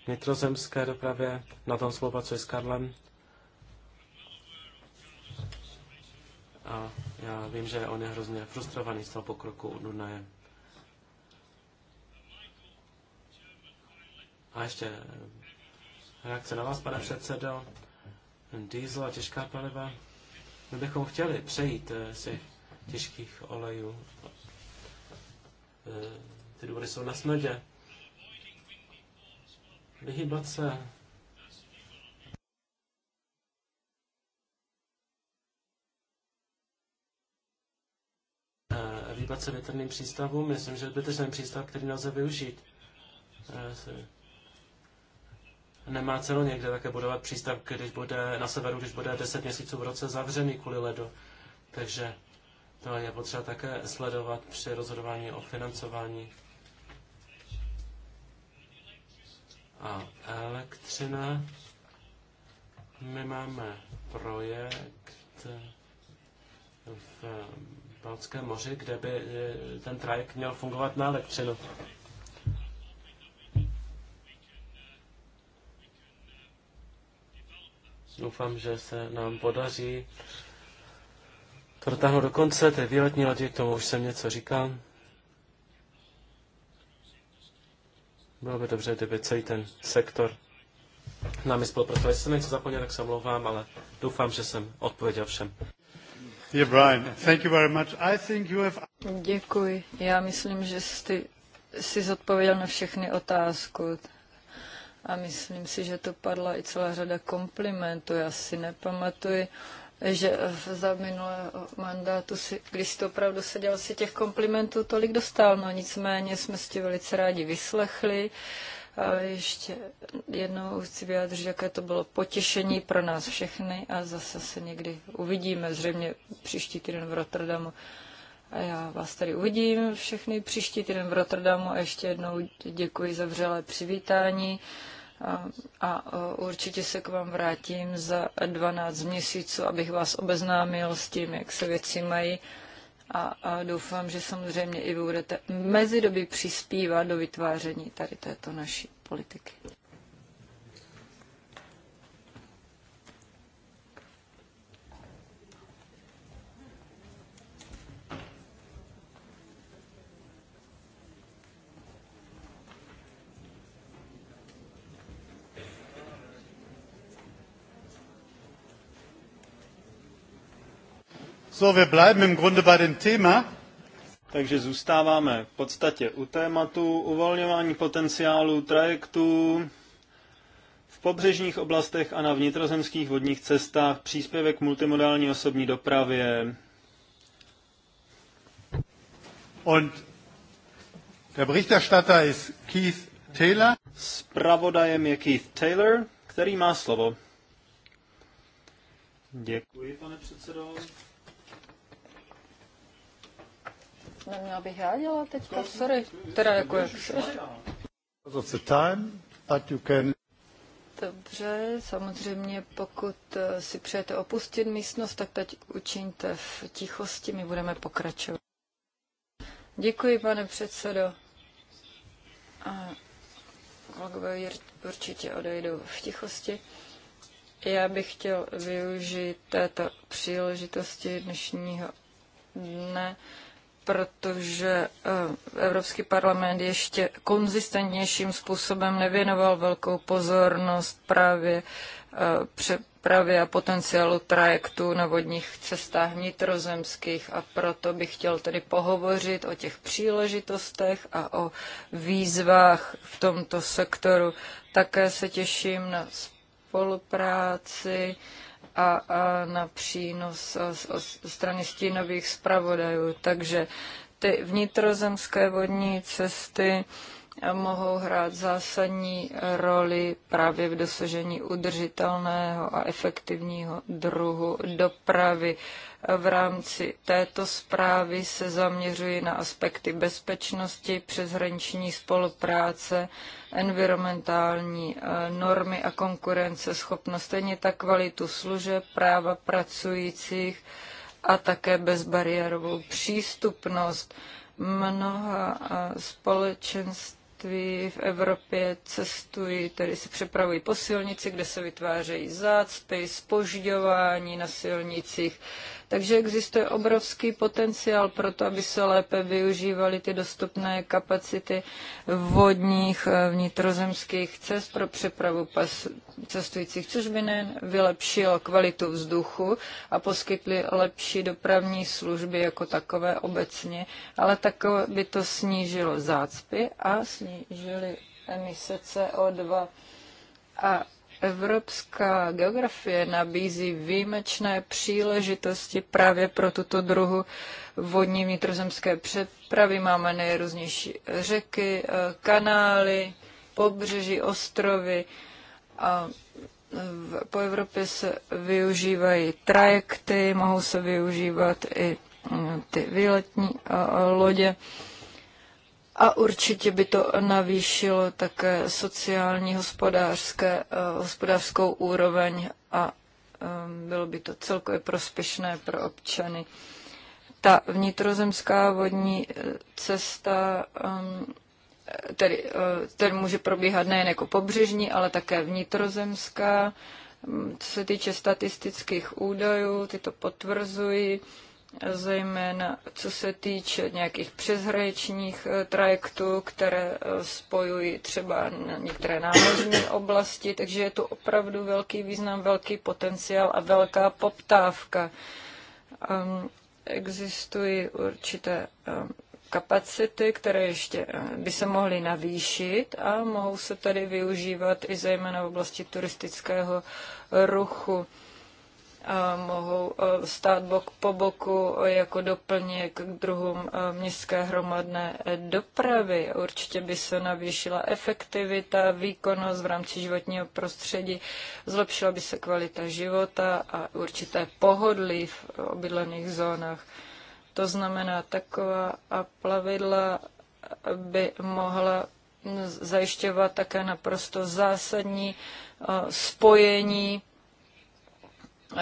B: vnitrozemské dopravě, na tom spolupracuji s Karlem. A já vím, že on je hrozně frustrovaný z toho pokroku u Dunaje. A ještě reakce na vás, pane předsedo. Diesel a těžká paliva. My bychom chtěli přejít eh, z těžkých olejů. Eh, ty důvody jsou na snadě. Vyhýbat se eh, vyhýbat se větrným přístavům. Myslím, že je zbytečný přístav, který nelze využít nemá cenu někde také budovat přístav, když bude na severu, když bude 10 měsíců v roce zavřený kvůli ledu. Takže to je potřeba také sledovat při rozhodování o financování. A elektřina. My máme projekt v Balckém moři, kde by ten trajekt měl fungovat na elektřinu. Doufám, že se nám podaří to dotáhnout do konce té výletní lodi, k tomu už jsem něco říkal. Bylo by dobře, kdyby celý ten sektor nám je spolupracoval. Jestli jsem něco zapomněl, tak se omlouvám, ale doufám, že jsem odpověděl všem. Yeah, Brian, thank you very much. I think you have...
C: Děkuji. Já myslím, že jste si zodpověděl na všechny otázky a myslím si, že to padla i celá řada komplimentů. Já si nepamatuji, že za minulého mandátu, si, když to opravdu seděl, si těch komplimentů tolik dostal. No nicméně jsme si tě velice rádi vyslechli. A ještě jednou chci vyjádřit, jaké to bylo potěšení pro nás všechny a zase se někdy uvidíme, zřejmě příští týden v Rotterdamu. A já vás tady uvidím všechny příští týden v Rotterdamu a ještě jednou děkuji za vřelé přivítání a určitě se k vám vrátím za 12 měsíců, abych vás obeznámil s tím, jak se věci mají. A, a doufám, že samozřejmě i vy budete mezidobí přispívat do vytváření tady této naší politiky.
B: So, wir bleiben im Grunde bei dem Thema.
A: Takže zůstáváme v podstatě u tématu uvolňování potenciálu trajektů v pobřežních oblastech a na vnitrozemských vodních cestách, příspěvek multimodální osobní dopravě. Und der Berichterstatter ist Keith Taylor. Spravodajem je Keith Taylor, který má slovo. Děkuji, pane předsedo.
C: neměla bych já dělat teďka, sorry, teda jako jak Dobře, samozřejmě pokud eh, si přejete opustit místnost, tak teď učiňte v tichosti, my budeme pokračovat. Děkuji, pane předsedo. A kolegové určitě odejdou v tichosti. Já bych chtěl využít této příležitosti dnešního dne protože eh, Evropský parlament ještě konzistentnějším způsobem nevěnoval velkou pozornost právě eh, přepravě a potenciálu trajektů na vodních cestách vnitrozemských a proto bych chtěl tedy pohovořit o těch příležitostech a o výzvách v tomto sektoru. Také se těším na spolupráci spolupráci a, a na přínos ze strany stínových zpravodajů. Takže ty vnitrozemské vodní cesty mohou hrát zásadní roli právě v dosažení udržitelného a efektivního druhu dopravy. V rámci této zprávy se zaměřuji na aspekty bezpečnosti, přeshraniční spolupráce, environmentální eh, normy a konkurence schopnost stejně tak kvalitu služeb, práva pracujících a také bezbariérovou přístupnost mnoha eh, společenství letectví v Evropě cestují, tedy se přepravují po silnici, kde se vytvářejí zácpy, spožďování na silnicích. Takže existuje obrovský potenciál pro to, aby se lépe využívaly ty dostupné kapacity vodních eh, vnitrozemských cest pro přepravu pas cestujících, což by nejen vylepšilo kvalitu vzduchu a poskytly lepší dopravní služby jako takové obecně, ale takové by to snížilo zácpy a snížily emise CO2. A Evropská geografie nabízí výjimečné příležitosti právě pro tuto druhu vodní vnitrozemské přepravy. Máme nejrůznější řeky, eh, kanály, pobřeží, ostrovy. A po Evropě se využívají trajekty, mohou se využívat i mm, ty výletní eh, lodě a určitě by to navýšilo také sociální hospodářské, eh, hospodářskou úroveň a ehm, bylo by to celkově prospěšné pro občany. Ta vnitrozemská vodní eh, cesta ehm, tedy, eh, tedy může probíhat nejen jako pobřežní, ale také vnitrozemská. Ehm, co se týče statistických údajů, ty to potvrzují zejména co se týče nějakých přeshraničních eh, trajektů, které eh, spojují třeba některé námořní oblasti, takže je tu opravdu velký význam, velký potenciál a velká poptávka. Ehm, existují určité ehm, kapacity, které ještě eh, by se mohly navýšit a mohou se tady využívat i zejména v oblasti turistického ruchu mohou e, stát bok po boku jako doplněk k druhům e, městské hromadné dopravy. Určitě by se navýšila efektivita, výkonnost v rámci životního prostředí, zlepšila by se kvalita života a určité pohodlí v obydlených zónách. To znamená, taková plavidla by mohla zajišťovat také naprosto zásadní e, spojení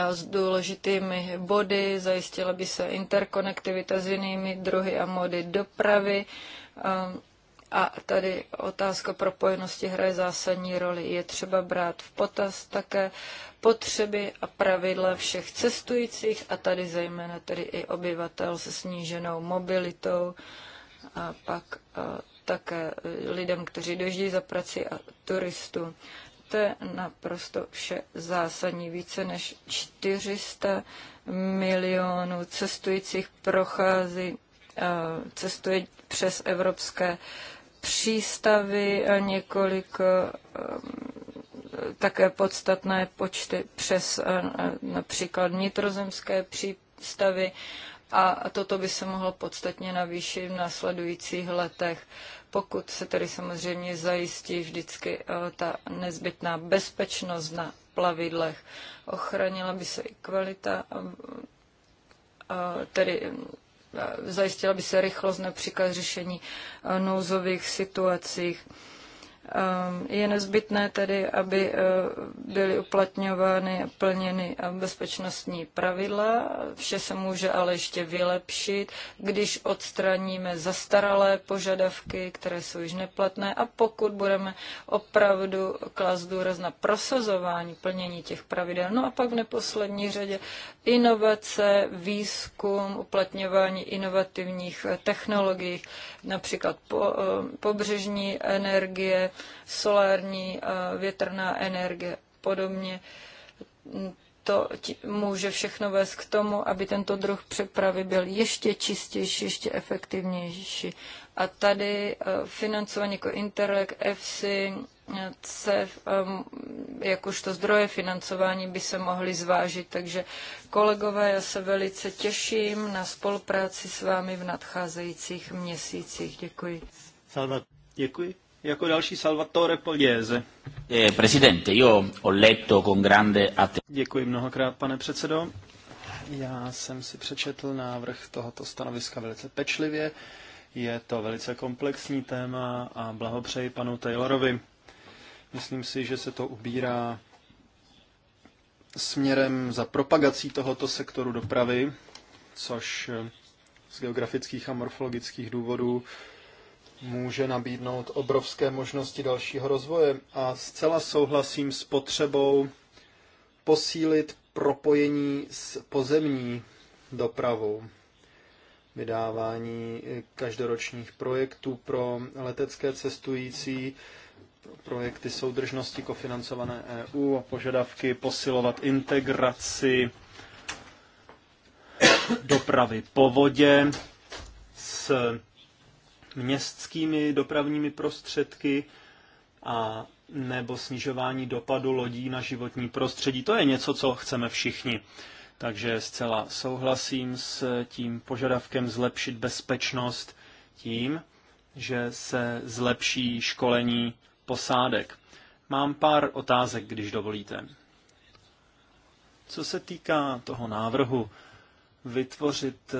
C: s důležitými body, zajistila by se interkonektivita s jinými druhy a mody dopravy. Ehm, a tady otázka propojenosti hraje zásadní roli. Je třeba brát v potaz také potřeby a pravidla všech cestujících a tady zejména tedy i obyvatel se sníženou mobilitou a pak eh, také eh, lidem, kteří dojíždí za prací a turistům je naprosto vše zásadní. Více než 400 milionů cestujících prochází, eh, cestuje přes evropské přístavy a několik eh, eh, také podstatné počty přes například nitrozemské přístavy a toto by se mohlo podstatně navýšit v následujících letech pokud se tedy samozřejmě zajistí vždycky eh, ta nezbytná bezpečnost na plavidlech. Ochránila by se i kvalita, eh, eh, tedy zajistila by se rychlost například řešení nouzových situacích. Ehm, je nezbytné tedy, aby eh, byly uplatňovány a plněny eh, bezpečnostní pravidla. Vše se může ale ještě vylepšit, když odstraníme zastaralé požadavky, které jsou již neplatné a pokud budeme opravdu klást důraz na prosazování plnění těch pravidel. No a pak v neposlední řadě inovace, výzkum, uplatňování inovativních eh, technologií, například po, pobřežní energie, solární, eh, větrná energie podobně. To může všechno vést k tomu, aby tento druh přepravy byl ještě čistější, ještě efektivnější. A tady eh, financování jako Interreg, EFSI, CEF, eh, jakožto zdroje financování by se mohly zvážit. Takže kolegové, já se velice těším na spolupráci s vámi v nadcházejících
A: měsících. Děkuji. Salvat, děkuji. Jako další Salvatore Pogliese. Eh, presidente, io ho letto con grande Děkuji mnohokrát, pane předsedo. Já jsem si přečetl návrh tohoto stanoviska velice pečlivě. Je to velice komplexní téma a blahopřeji panu Taylorovi. Myslím si, že se to ubírá směrem za propagací tohoto sektoru dopravy, což z geografických a morfologických důvodů může nabídnout obrovské možnosti dalšího rozvoje a zcela souhlasím s potřebou posílit propojení s pozemní dopravou. Vydávání každoročních projektů pro letecké cestující, projekty soudržnosti kofinancované EU a požadavky posilovat integraci dopravy po vodě s městskými dopravními prostředky a nebo snižování dopadu lodí na životní prostředí. To je něco, co chceme všichni. Takže zcela souhlasím s tím požadavkem zlepšit bezpečnost tím, že se zlepší školení posádek. Mám pár otázek, když dovolíte. Co se týká toho návrhu vytvořit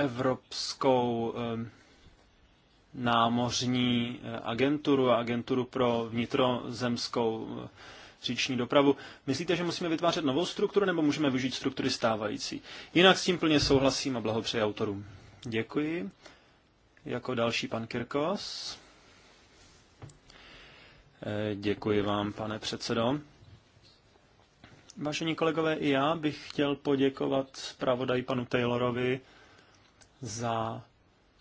A: Evropskou námořní eh, agenturu a agenturu pro vnitrozemskou eh, říční dopravu. Myslíte, že musíme vytvářet novou strukturu nebo můžeme využít struktury stávající? Jinak s tím plně souhlasím a blahopřeji autorům. Děkuji. Jako další pan Kirkos. Eh, děkuji vám, pane předsedo. Vážení kolegové, i já bych chtěl poděkovat zpravodaji panu Taylorovi za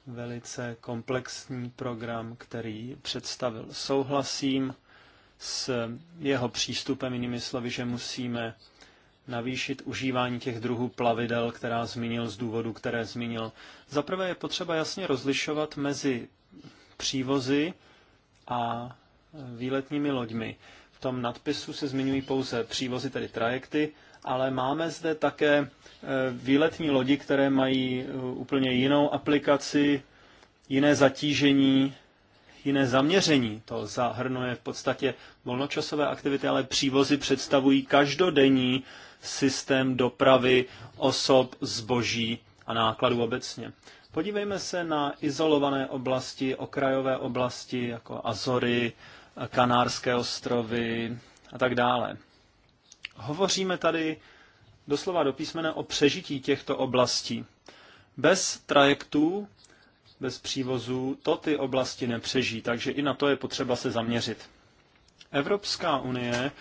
A: velice komplexní program, který představil. Souhlasím s jeho přístupem, jinými slovy, že musíme navýšit užívání těch druhů plavidel, která zmínil z důvodu, které zmínil. Za prvé je potřeba jasně rozlišovat mezi přívozy a výletními loďmi. V tom nadpisu se zmiňují pouze přívozy, tedy trajekty, ale máme zde také eh, výletní lodi, které mají eh, úplně jinou aplikaci, jiné zatížení, jiné zaměření. To zahrnuje v podstatě volnočasové aktivity, ale přívozy představují každodenní systém dopravy osob, zboží a nákladů obecně. Podívejme se na izolované oblasti, okrajové oblasti, jako Azory, Kanárské ostrovy a tak dále. Hovoříme tady doslova do písmene o přežití těchto oblastí. Bez trajektů, bez přívozů, to ty oblasti nepřežijí, takže i na to je potřeba se zaměřit. Evropská unie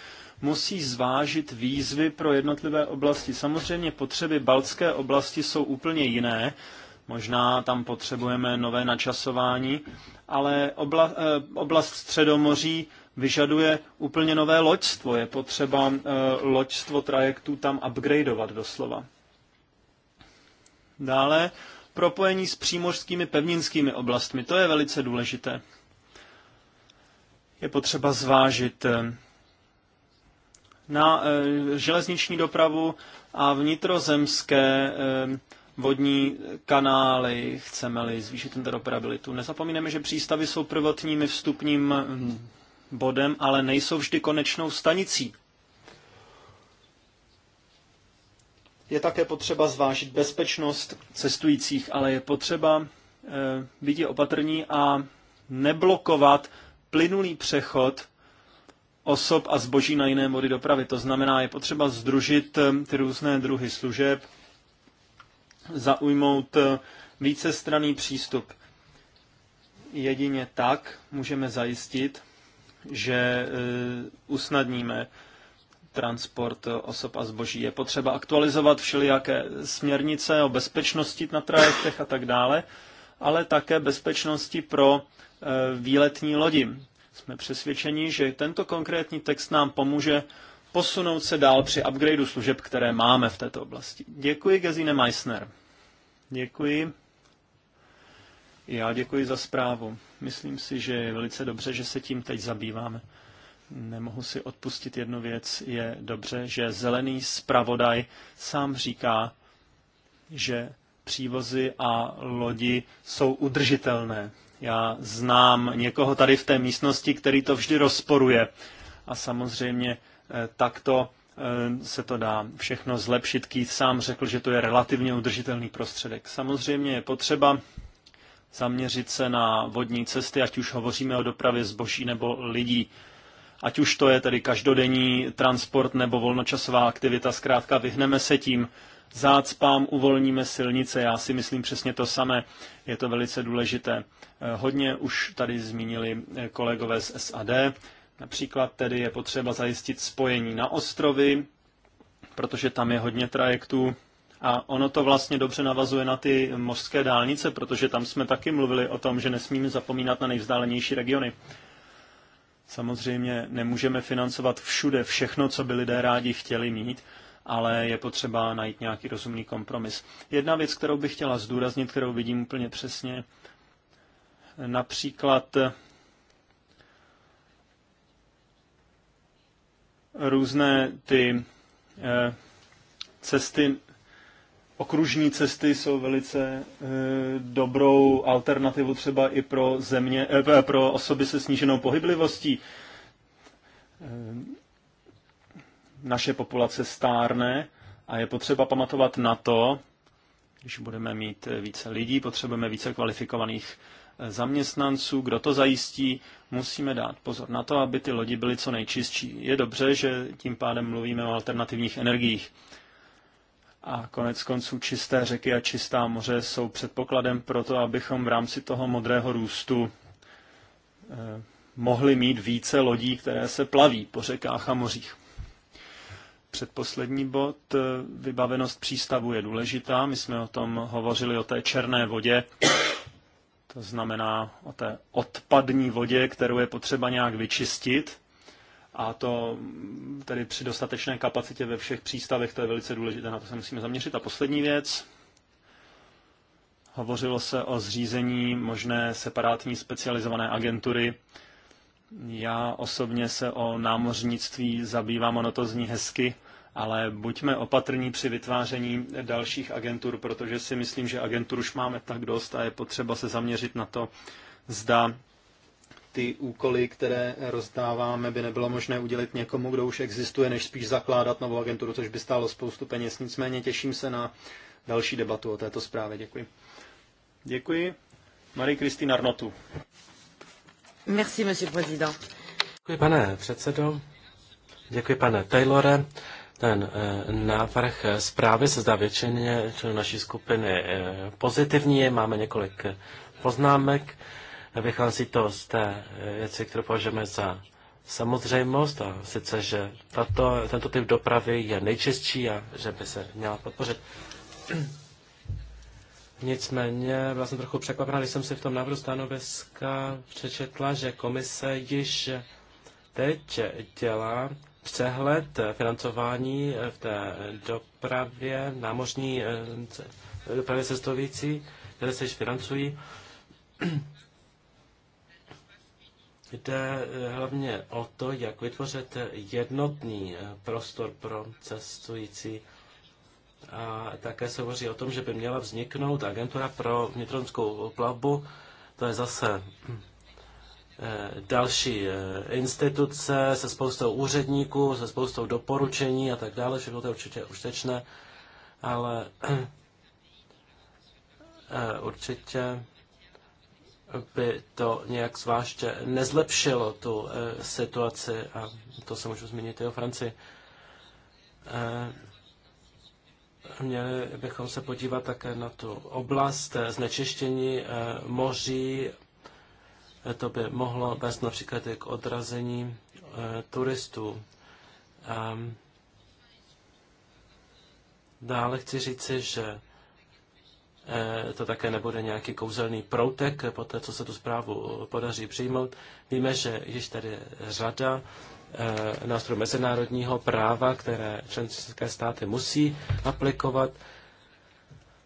A: musí zvážit výzvy pro jednotlivé oblasti. Samozřejmě potřeby baltské oblasti jsou úplně jiné, možná tam potřebujeme nové načasování, ale obla, eh, oblast Středomoří vyžaduje úplně nové loďstvo. Je potřeba eh, loďstvo trajektů tam upgradeovat doslova. Dále propojení s přímořskými pevninskými oblastmi. To je velice důležité. Je potřeba zvážit eh, na eh, železniční dopravu a vnitrozemské vodní kanály, chceme-li zvýšit interoperabilitu. Nezapomínáme, že přístavy jsou prvotními vstupním hm, bodem, ale nejsou vždy konečnou stanicí. Je také potřeba zvážit bezpečnost cestujících, ale je potřeba e, být opatrní a neblokovat plynulý přechod osob a zboží na jiné mody dopravy. To znamená, je potřeba združit eh, ty různé druhy služeb, zaujmout eh, vícestranný přístup. Jedině tak můžeme zajistit, že eh, usnadníme transport osob a zboží. Je potřeba aktualizovat všelijaké směrnice o bezpečnosti na trajektech a tak dále, ale také bezpečnosti pro eh, výletní lodi. Jsme přesvědčeni, že tento konkrétní text nám pomůže posunout se dál při upgradeu služeb, které máme v této oblasti. Děkuji, Gesine Meissner. Děkuji. Já děkuji za zprávu. Myslím si, že je velice dobře, že se tím teď zabýváme. Nemohu si odpustit jednu věc. Je dobře, že zelený zpravodaj sám říká, že přívozy a lodi jsou udržitelné. Já znám někoho tady v té místnosti, který to vždy rozporuje. A samozřejmě eh, takto eh, se to dá všechno zlepšit. Keith sám řekl, že to je relativně udržitelný prostředek. Samozřejmě je potřeba zaměřit se na vodní cesty, ať už hovoříme o dopravě zboží nebo lidí. Ať už to je tedy každodenní transport nebo volnočasová aktivita, zkrátka vyhneme se tím zácpám, uvolníme silnice. Já si myslím přesně to samé, je to velice důležité. Eh, hodně už tady zmínili eh, kolegové z SAD, například tedy je potřeba zajistit spojení na ostrovy, protože tam je hodně trajektů, a ono to vlastně dobře navazuje na ty mořské dálnice, protože tam jsme taky mluvili o tom, že nesmíme zapomínat na nejvzdálenější regiony. Samozřejmě nemůžeme financovat všude všechno, co by lidé rádi chtěli mít, ale je potřeba najít nějaký rozumný kompromis. Jedna věc, kterou bych chtěla zdůraznit, kterou vidím úplně přesně, například různé ty eh, cesty okružní cesty jsou velice eh, dobrou alternativu třeba i pro, země, eh, pro osoby se sníženou pohyblivostí. Eh, naše populace stárne a je potřeba pamatovat na to, když budeme mít více lidí, potřebujeme více kvalifikovaných zaměstnanců, kdo to zajistí, musíme dát pozor na to, aby ty lodi byly co nejčistší. Je dobře, že tím pádem mluvíme o alternativních energiích. A konec konců čisté řeky a čistá moře jsou předpokladem pro to, abychom v rámci toho modrého růstu eh, mohli mít více lodí, které se plaví po řekách a mořích. Předposlední bod, eh, vybavenost přístavu je důležitá. My jsme o tom hovořili, o té černé vodě, to znamená o té odpadní vodě, kterou je potřeba nějak vyčistit a to tedy při dostatečné kapacitě ve všech přístavech, to je velice důležité, na to se musíme zaměřit. A poslední věc, hovořilo se o zřízení možné separátní specializované agentury. Já osobně se o námořnictví zabývám, ono to zní hezky, ale buďme opatrní při vytváření dalších agentur, protože si myslím, že agentur už máme tak dost a je potřeba se zaměřit na to, zda ty úkoly, které rozdáváme, by nebylo možné udělit někomu, kdo už existuje, než spíš zakládat novou agenturu, což by stálo spoustu peněz. Nicméně těším se na další debatu o této zprávě. Děkuji. Děkuji. marie Kristýna Arnotu.
C: Merci, monsieur président.
B: Děkuji, pane předsedo. Děkuji, pane Taylore. Ten eh, návrh zprávy se zdá většině členů naší skupiny eh, pozitivní. Máme několik poznámek. Vychází to z té eh, věci, kterou považujeme za samozřejmost, a sice, že tato, tento typ dopravy je nejčistší a že by se měla podpořit. Nicméně byla jsem trochu překvapená, když jsem si v tom návrhu stanoviska přečetla, že komise již teď dělá přehled financování eh, v té dopravě, námořní eh, dopravě cestující, které se již financují. Jde eh, hlavně o to, jak vytvořit jednotný eh, prostor pro cestující. A také se hovoří o tom, že by měla vzniknout agentura pro vnitrozemskou plavbu. To je zase eh, další instituce se spoustou úředníků, se spoustou doporučení a tak dále. Všechno to je určitě užtečné, ale určitě by to nějak zvláště nezlepšilo tu e, situaci a to se můžu zmínit i o Francii. E, měli bychom se podívat také na tu oblast eh, znečištění e, moří. E, to by mohlo vést například i k odrazení e, turistů. E, dále chci říci, že Eh, to také nebude nějaký kouzelný proutek po té, co se tu zprávu podaří přijmout. Víme, že již tady je řada eh, nástrojů mezinárodního práva, které členské státy musí aplikovat.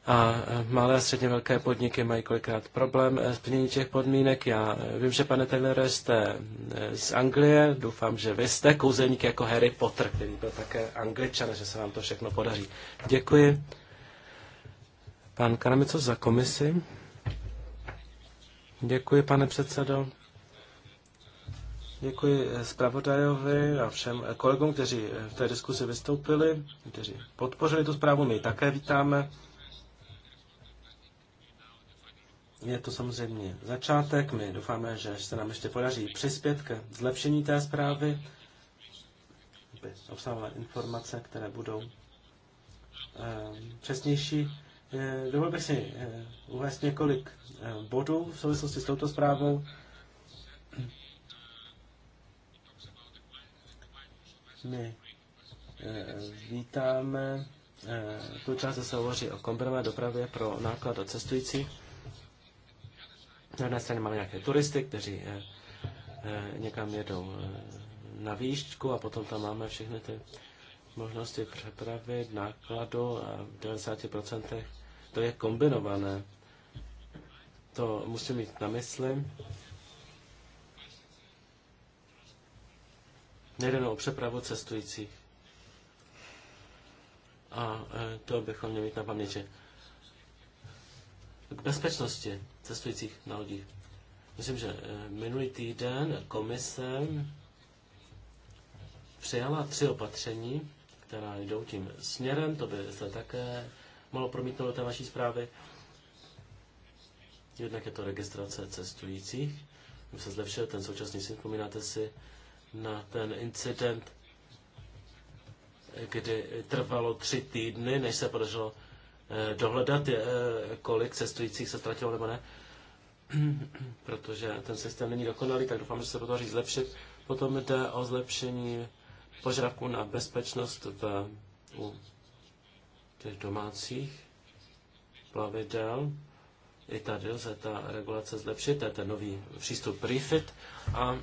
B: A eh, malé a středně velké podniky mají kolikrát problém s plnění těch podmínek. Já vím, že pane Taylor jste z Anglie, doufám, že vy jste kouzelník jako Harry Potter, který byl také angličan, že se vám to všechno podaří. Děkuji. Pan Karamico za komisi. Děkuji, pane předsedo. Děkuji eh, zpravodajovi a všem eh, kolegům, kteří eh, v té diskusi vystoupili, kteří podpořili tu zprávu. My ji také vítáme. Je to samozřejmě začátek. My doufáme, že se nám ještě podaří přispět ke zlepšení té zprávy, aby obsahovala informace, které budou přesnější. Eh, Dovol bych si eh, uvést několik eh, bodů v souvislosti s touto zprávou. My vítáme tu část, se hovoří o kombinové dopravě pro náklad a cestující. Na jedné straně máme nějaké turisty, kteří někam jedou na výšku a potom tam máme všechny ty možnosti přepravy nákladu a v 90% to je kombinované. To musím mít na mysli. Nejde o přepravu cestujících. A e, to bychom měli mít na paměti. K bezpečnosti cestujících na lodích. Myslím, že e, minulý týden komise přijala tři opatření, která jdou tím směrem, to by se také mohlo promítnout do té vaší zprávy. Jednak je to registrace cestujících, se zlepšil ten současný syn, vzpomínáte si na ten incident, kdy trvalo tři týdny, než se podařilo eh, dohledat, eh, kolik cestujících se ztratilo nebo ne, protože ten systém není dokonalý, tak doufám, že se podaří zlepšit. Potom jde o zlepšení požadavků na bezpečnost v, u těch domácích plavidel. I tady lze ta regulace zlepšit, to je ten nový přístup Prefit. A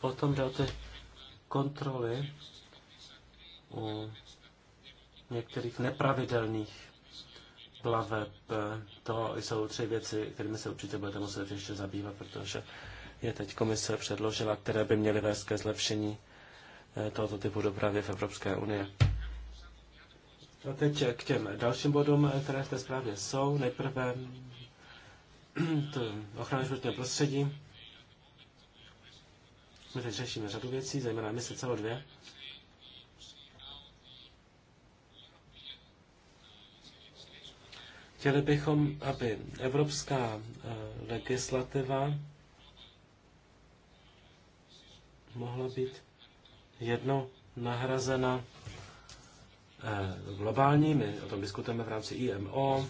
B: potom jde o ty kontroly u některých nepravidelných plaveb. To jsou tři věci, kterými se určitě budete muset ještě zabývat, protože je teď komise předložila, které by měly vést ke zlepšení eh, tohoto typu dopravy v Evropské unii. A teď k těm dalším bodům, které v té zprávě jsou. Nejprve to ochrana životního prostředí. My teď řešíme řadu věcí, zejména se celo dvě. Chtěli bychom, aby evropská eh, legislativa mohla být jednou nahrazena Eh, globální. My o tom diskutujeme v rámci IMO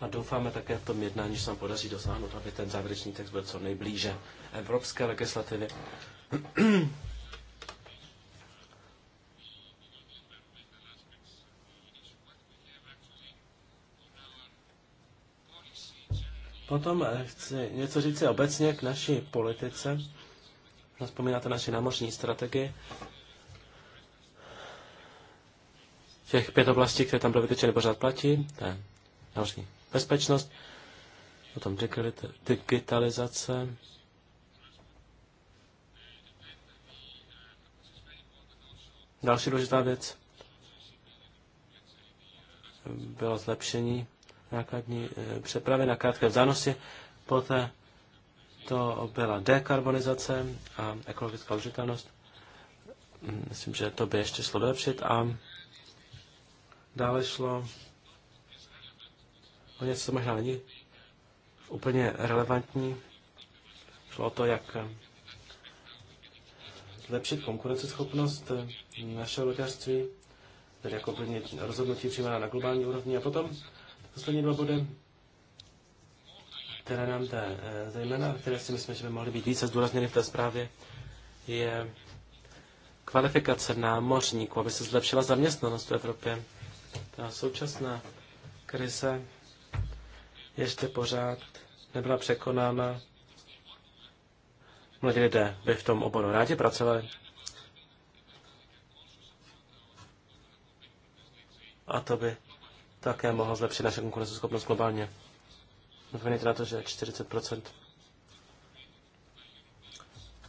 B: a doufáme také v tom jednání, že se nám podaří dosáhnout, aby ten závěrečný text byl co nejblíže evropské legislativě. Potom eh, chci něco říct obecně k naší politice. Vzpomínáte naši námořní strategii. těch pět oblastí, které tam byly vytyčeny, pořád platí. To je bezpečnost, potom digitalizace, Další důležitá věc bylo zlepšení nákladní eh, přepravy na krátké vzdálenosti. Poté to byla dekarbonizace a ekologická udržitelnost. Myslím, že to by ještě šlo vylepšit a Dále šlo o něco, možná ani úplně relevantní. Šlo o to, jak zlepšit konkurenceschopnost našeho lékařství, tedy jako plně rozhodnutí přijímaná na globální úrovni. A potom poslední dva body, které nám jde eh, zejména, které si myslím, že by mohly být více zdůrazněny v té zprávě, je kvalifikace námořníků, aby se zlepšila zaměstnanost v Evropě. Ta současná krize ještě pořád nebyla překonána. Mladí lidé by v tom oboru rádi pracovali. A to by také mohlo zlepšit naše konkurenceschopnost globálně. Zapomeňte na to, že 40%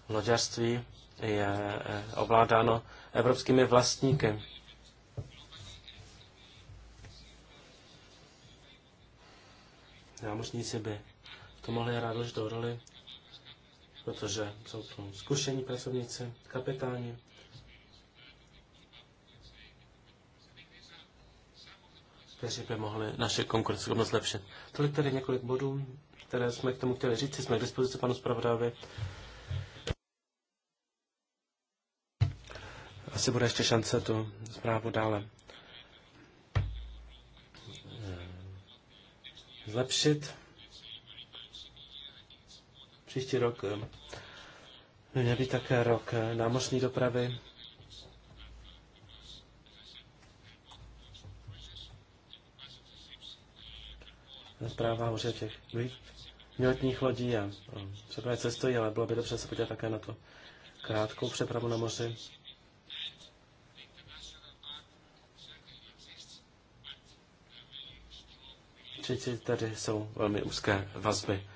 B: loďařství je eh, ovládáno evropskými vlastníky. námořníci by to mohli už do roli, protože jsou to zkušení pracovníci, kapitáni. kteří by mohli naše konkurenceschopnost zlepšit. Tolik tedy několik bodů, které jsme k tomu chtěli říct. Jsme k dispozici panu zpravodávi. Asi bude ještě šance tu zprávu dále zlepšit. Příští rok by eh, měl být také rok eh, námořní dopravy. Zpráva hoře těch lodních lodí a přepravy eh, cestují, ale bylo by dobře se podívat také na to krátkou přepravu na moři. Čili tady jsou velmi úzké vazby.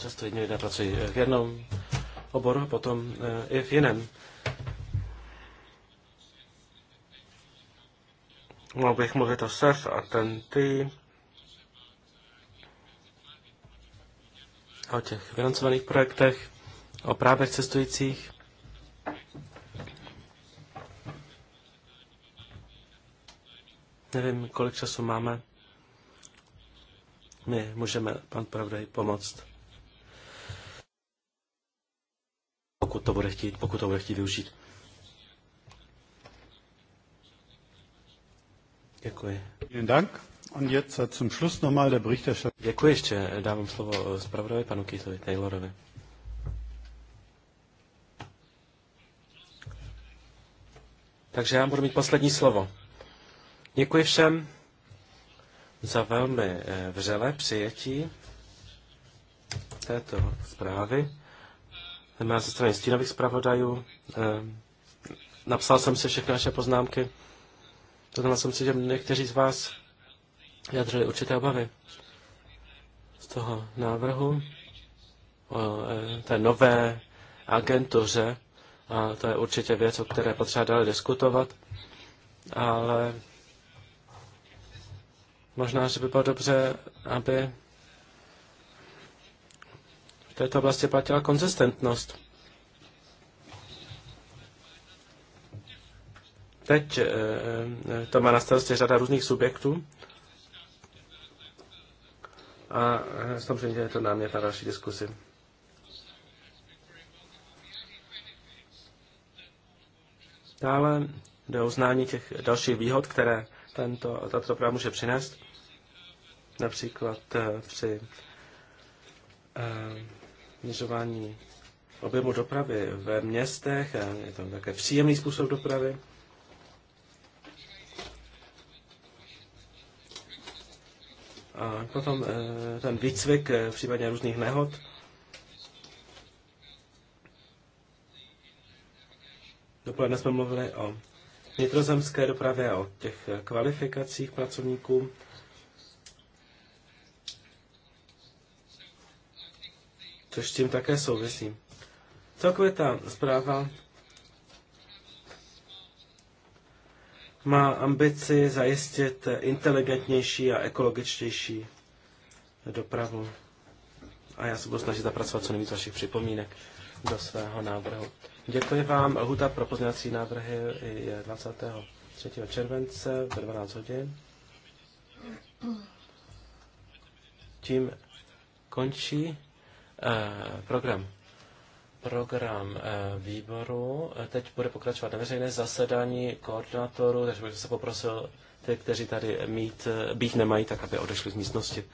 B: Často jedni lidé pracují v jednom oboru potom eh, i v jiném. No, mohl bych mluvit o SEF a ty. o těch financovaných projektech, o právech cestujících. Nevím, kolik času máme. My můžeme, pan Pravdej, pomoct. Pokud to bude chtít, pokud to bude chtít využít. Děkuji. Dank. Und jetzt äh, zum Schluss nochmal der Berichterstatter. Děkuji ještě. Dávám slovo äh, zpravodaji panu Keithovi Taylorovi. Takže já budu mít poslední slovo. Děkuji všem za velmi eh, vřelé přijetí této zprávy. Jmenuji se strany stínových zpravodajů. Eh, napsal jsem si všechny naše poznámky. Znamená jsem si, že někteří z vás vyjadřili určité obavy z toho návrhu o eh, té nové agentuře. A to je určitě věc, o které potřeba dále diskutovat. Ale Možná, že by bylo dobře, aby v této oblasti platila konzistentnost. Teď eh, eh, to má na starosti řada různých subjektů a eh, samozřejmě je to námět na další diskusi. Dále jde o uznání těch dalších výhod, které tento, tato práva může přinést. Například eh, při eh, měřování objemu dopravy ve městech, je to také příjemný způsob dopravy. A potom eh, ten výcvik případně různých nehod. Dopoledne jsme mluvili o vnitrozemské dopravě a o těch eh, kvalifikacích pracovníků. Což s tím také souvisí. Celkově ta zpráva má ambici zajistit inteligentnější a ekologičtější dopravu. A já se budu snažit zapracovat co nejvíc vašich připomínek do svého návrhu. Děkuji vám. Lhuta pro pozměňovací návrhy je 23. července ve 12 hodin. Tím končí eh, program program eh, výboru. Teď bude pokračovat veřejné zasedání koordinátorů, takže bych se poprosil ty, kteří tady mít, eh, být nemají, tak aby odešli z místnosti.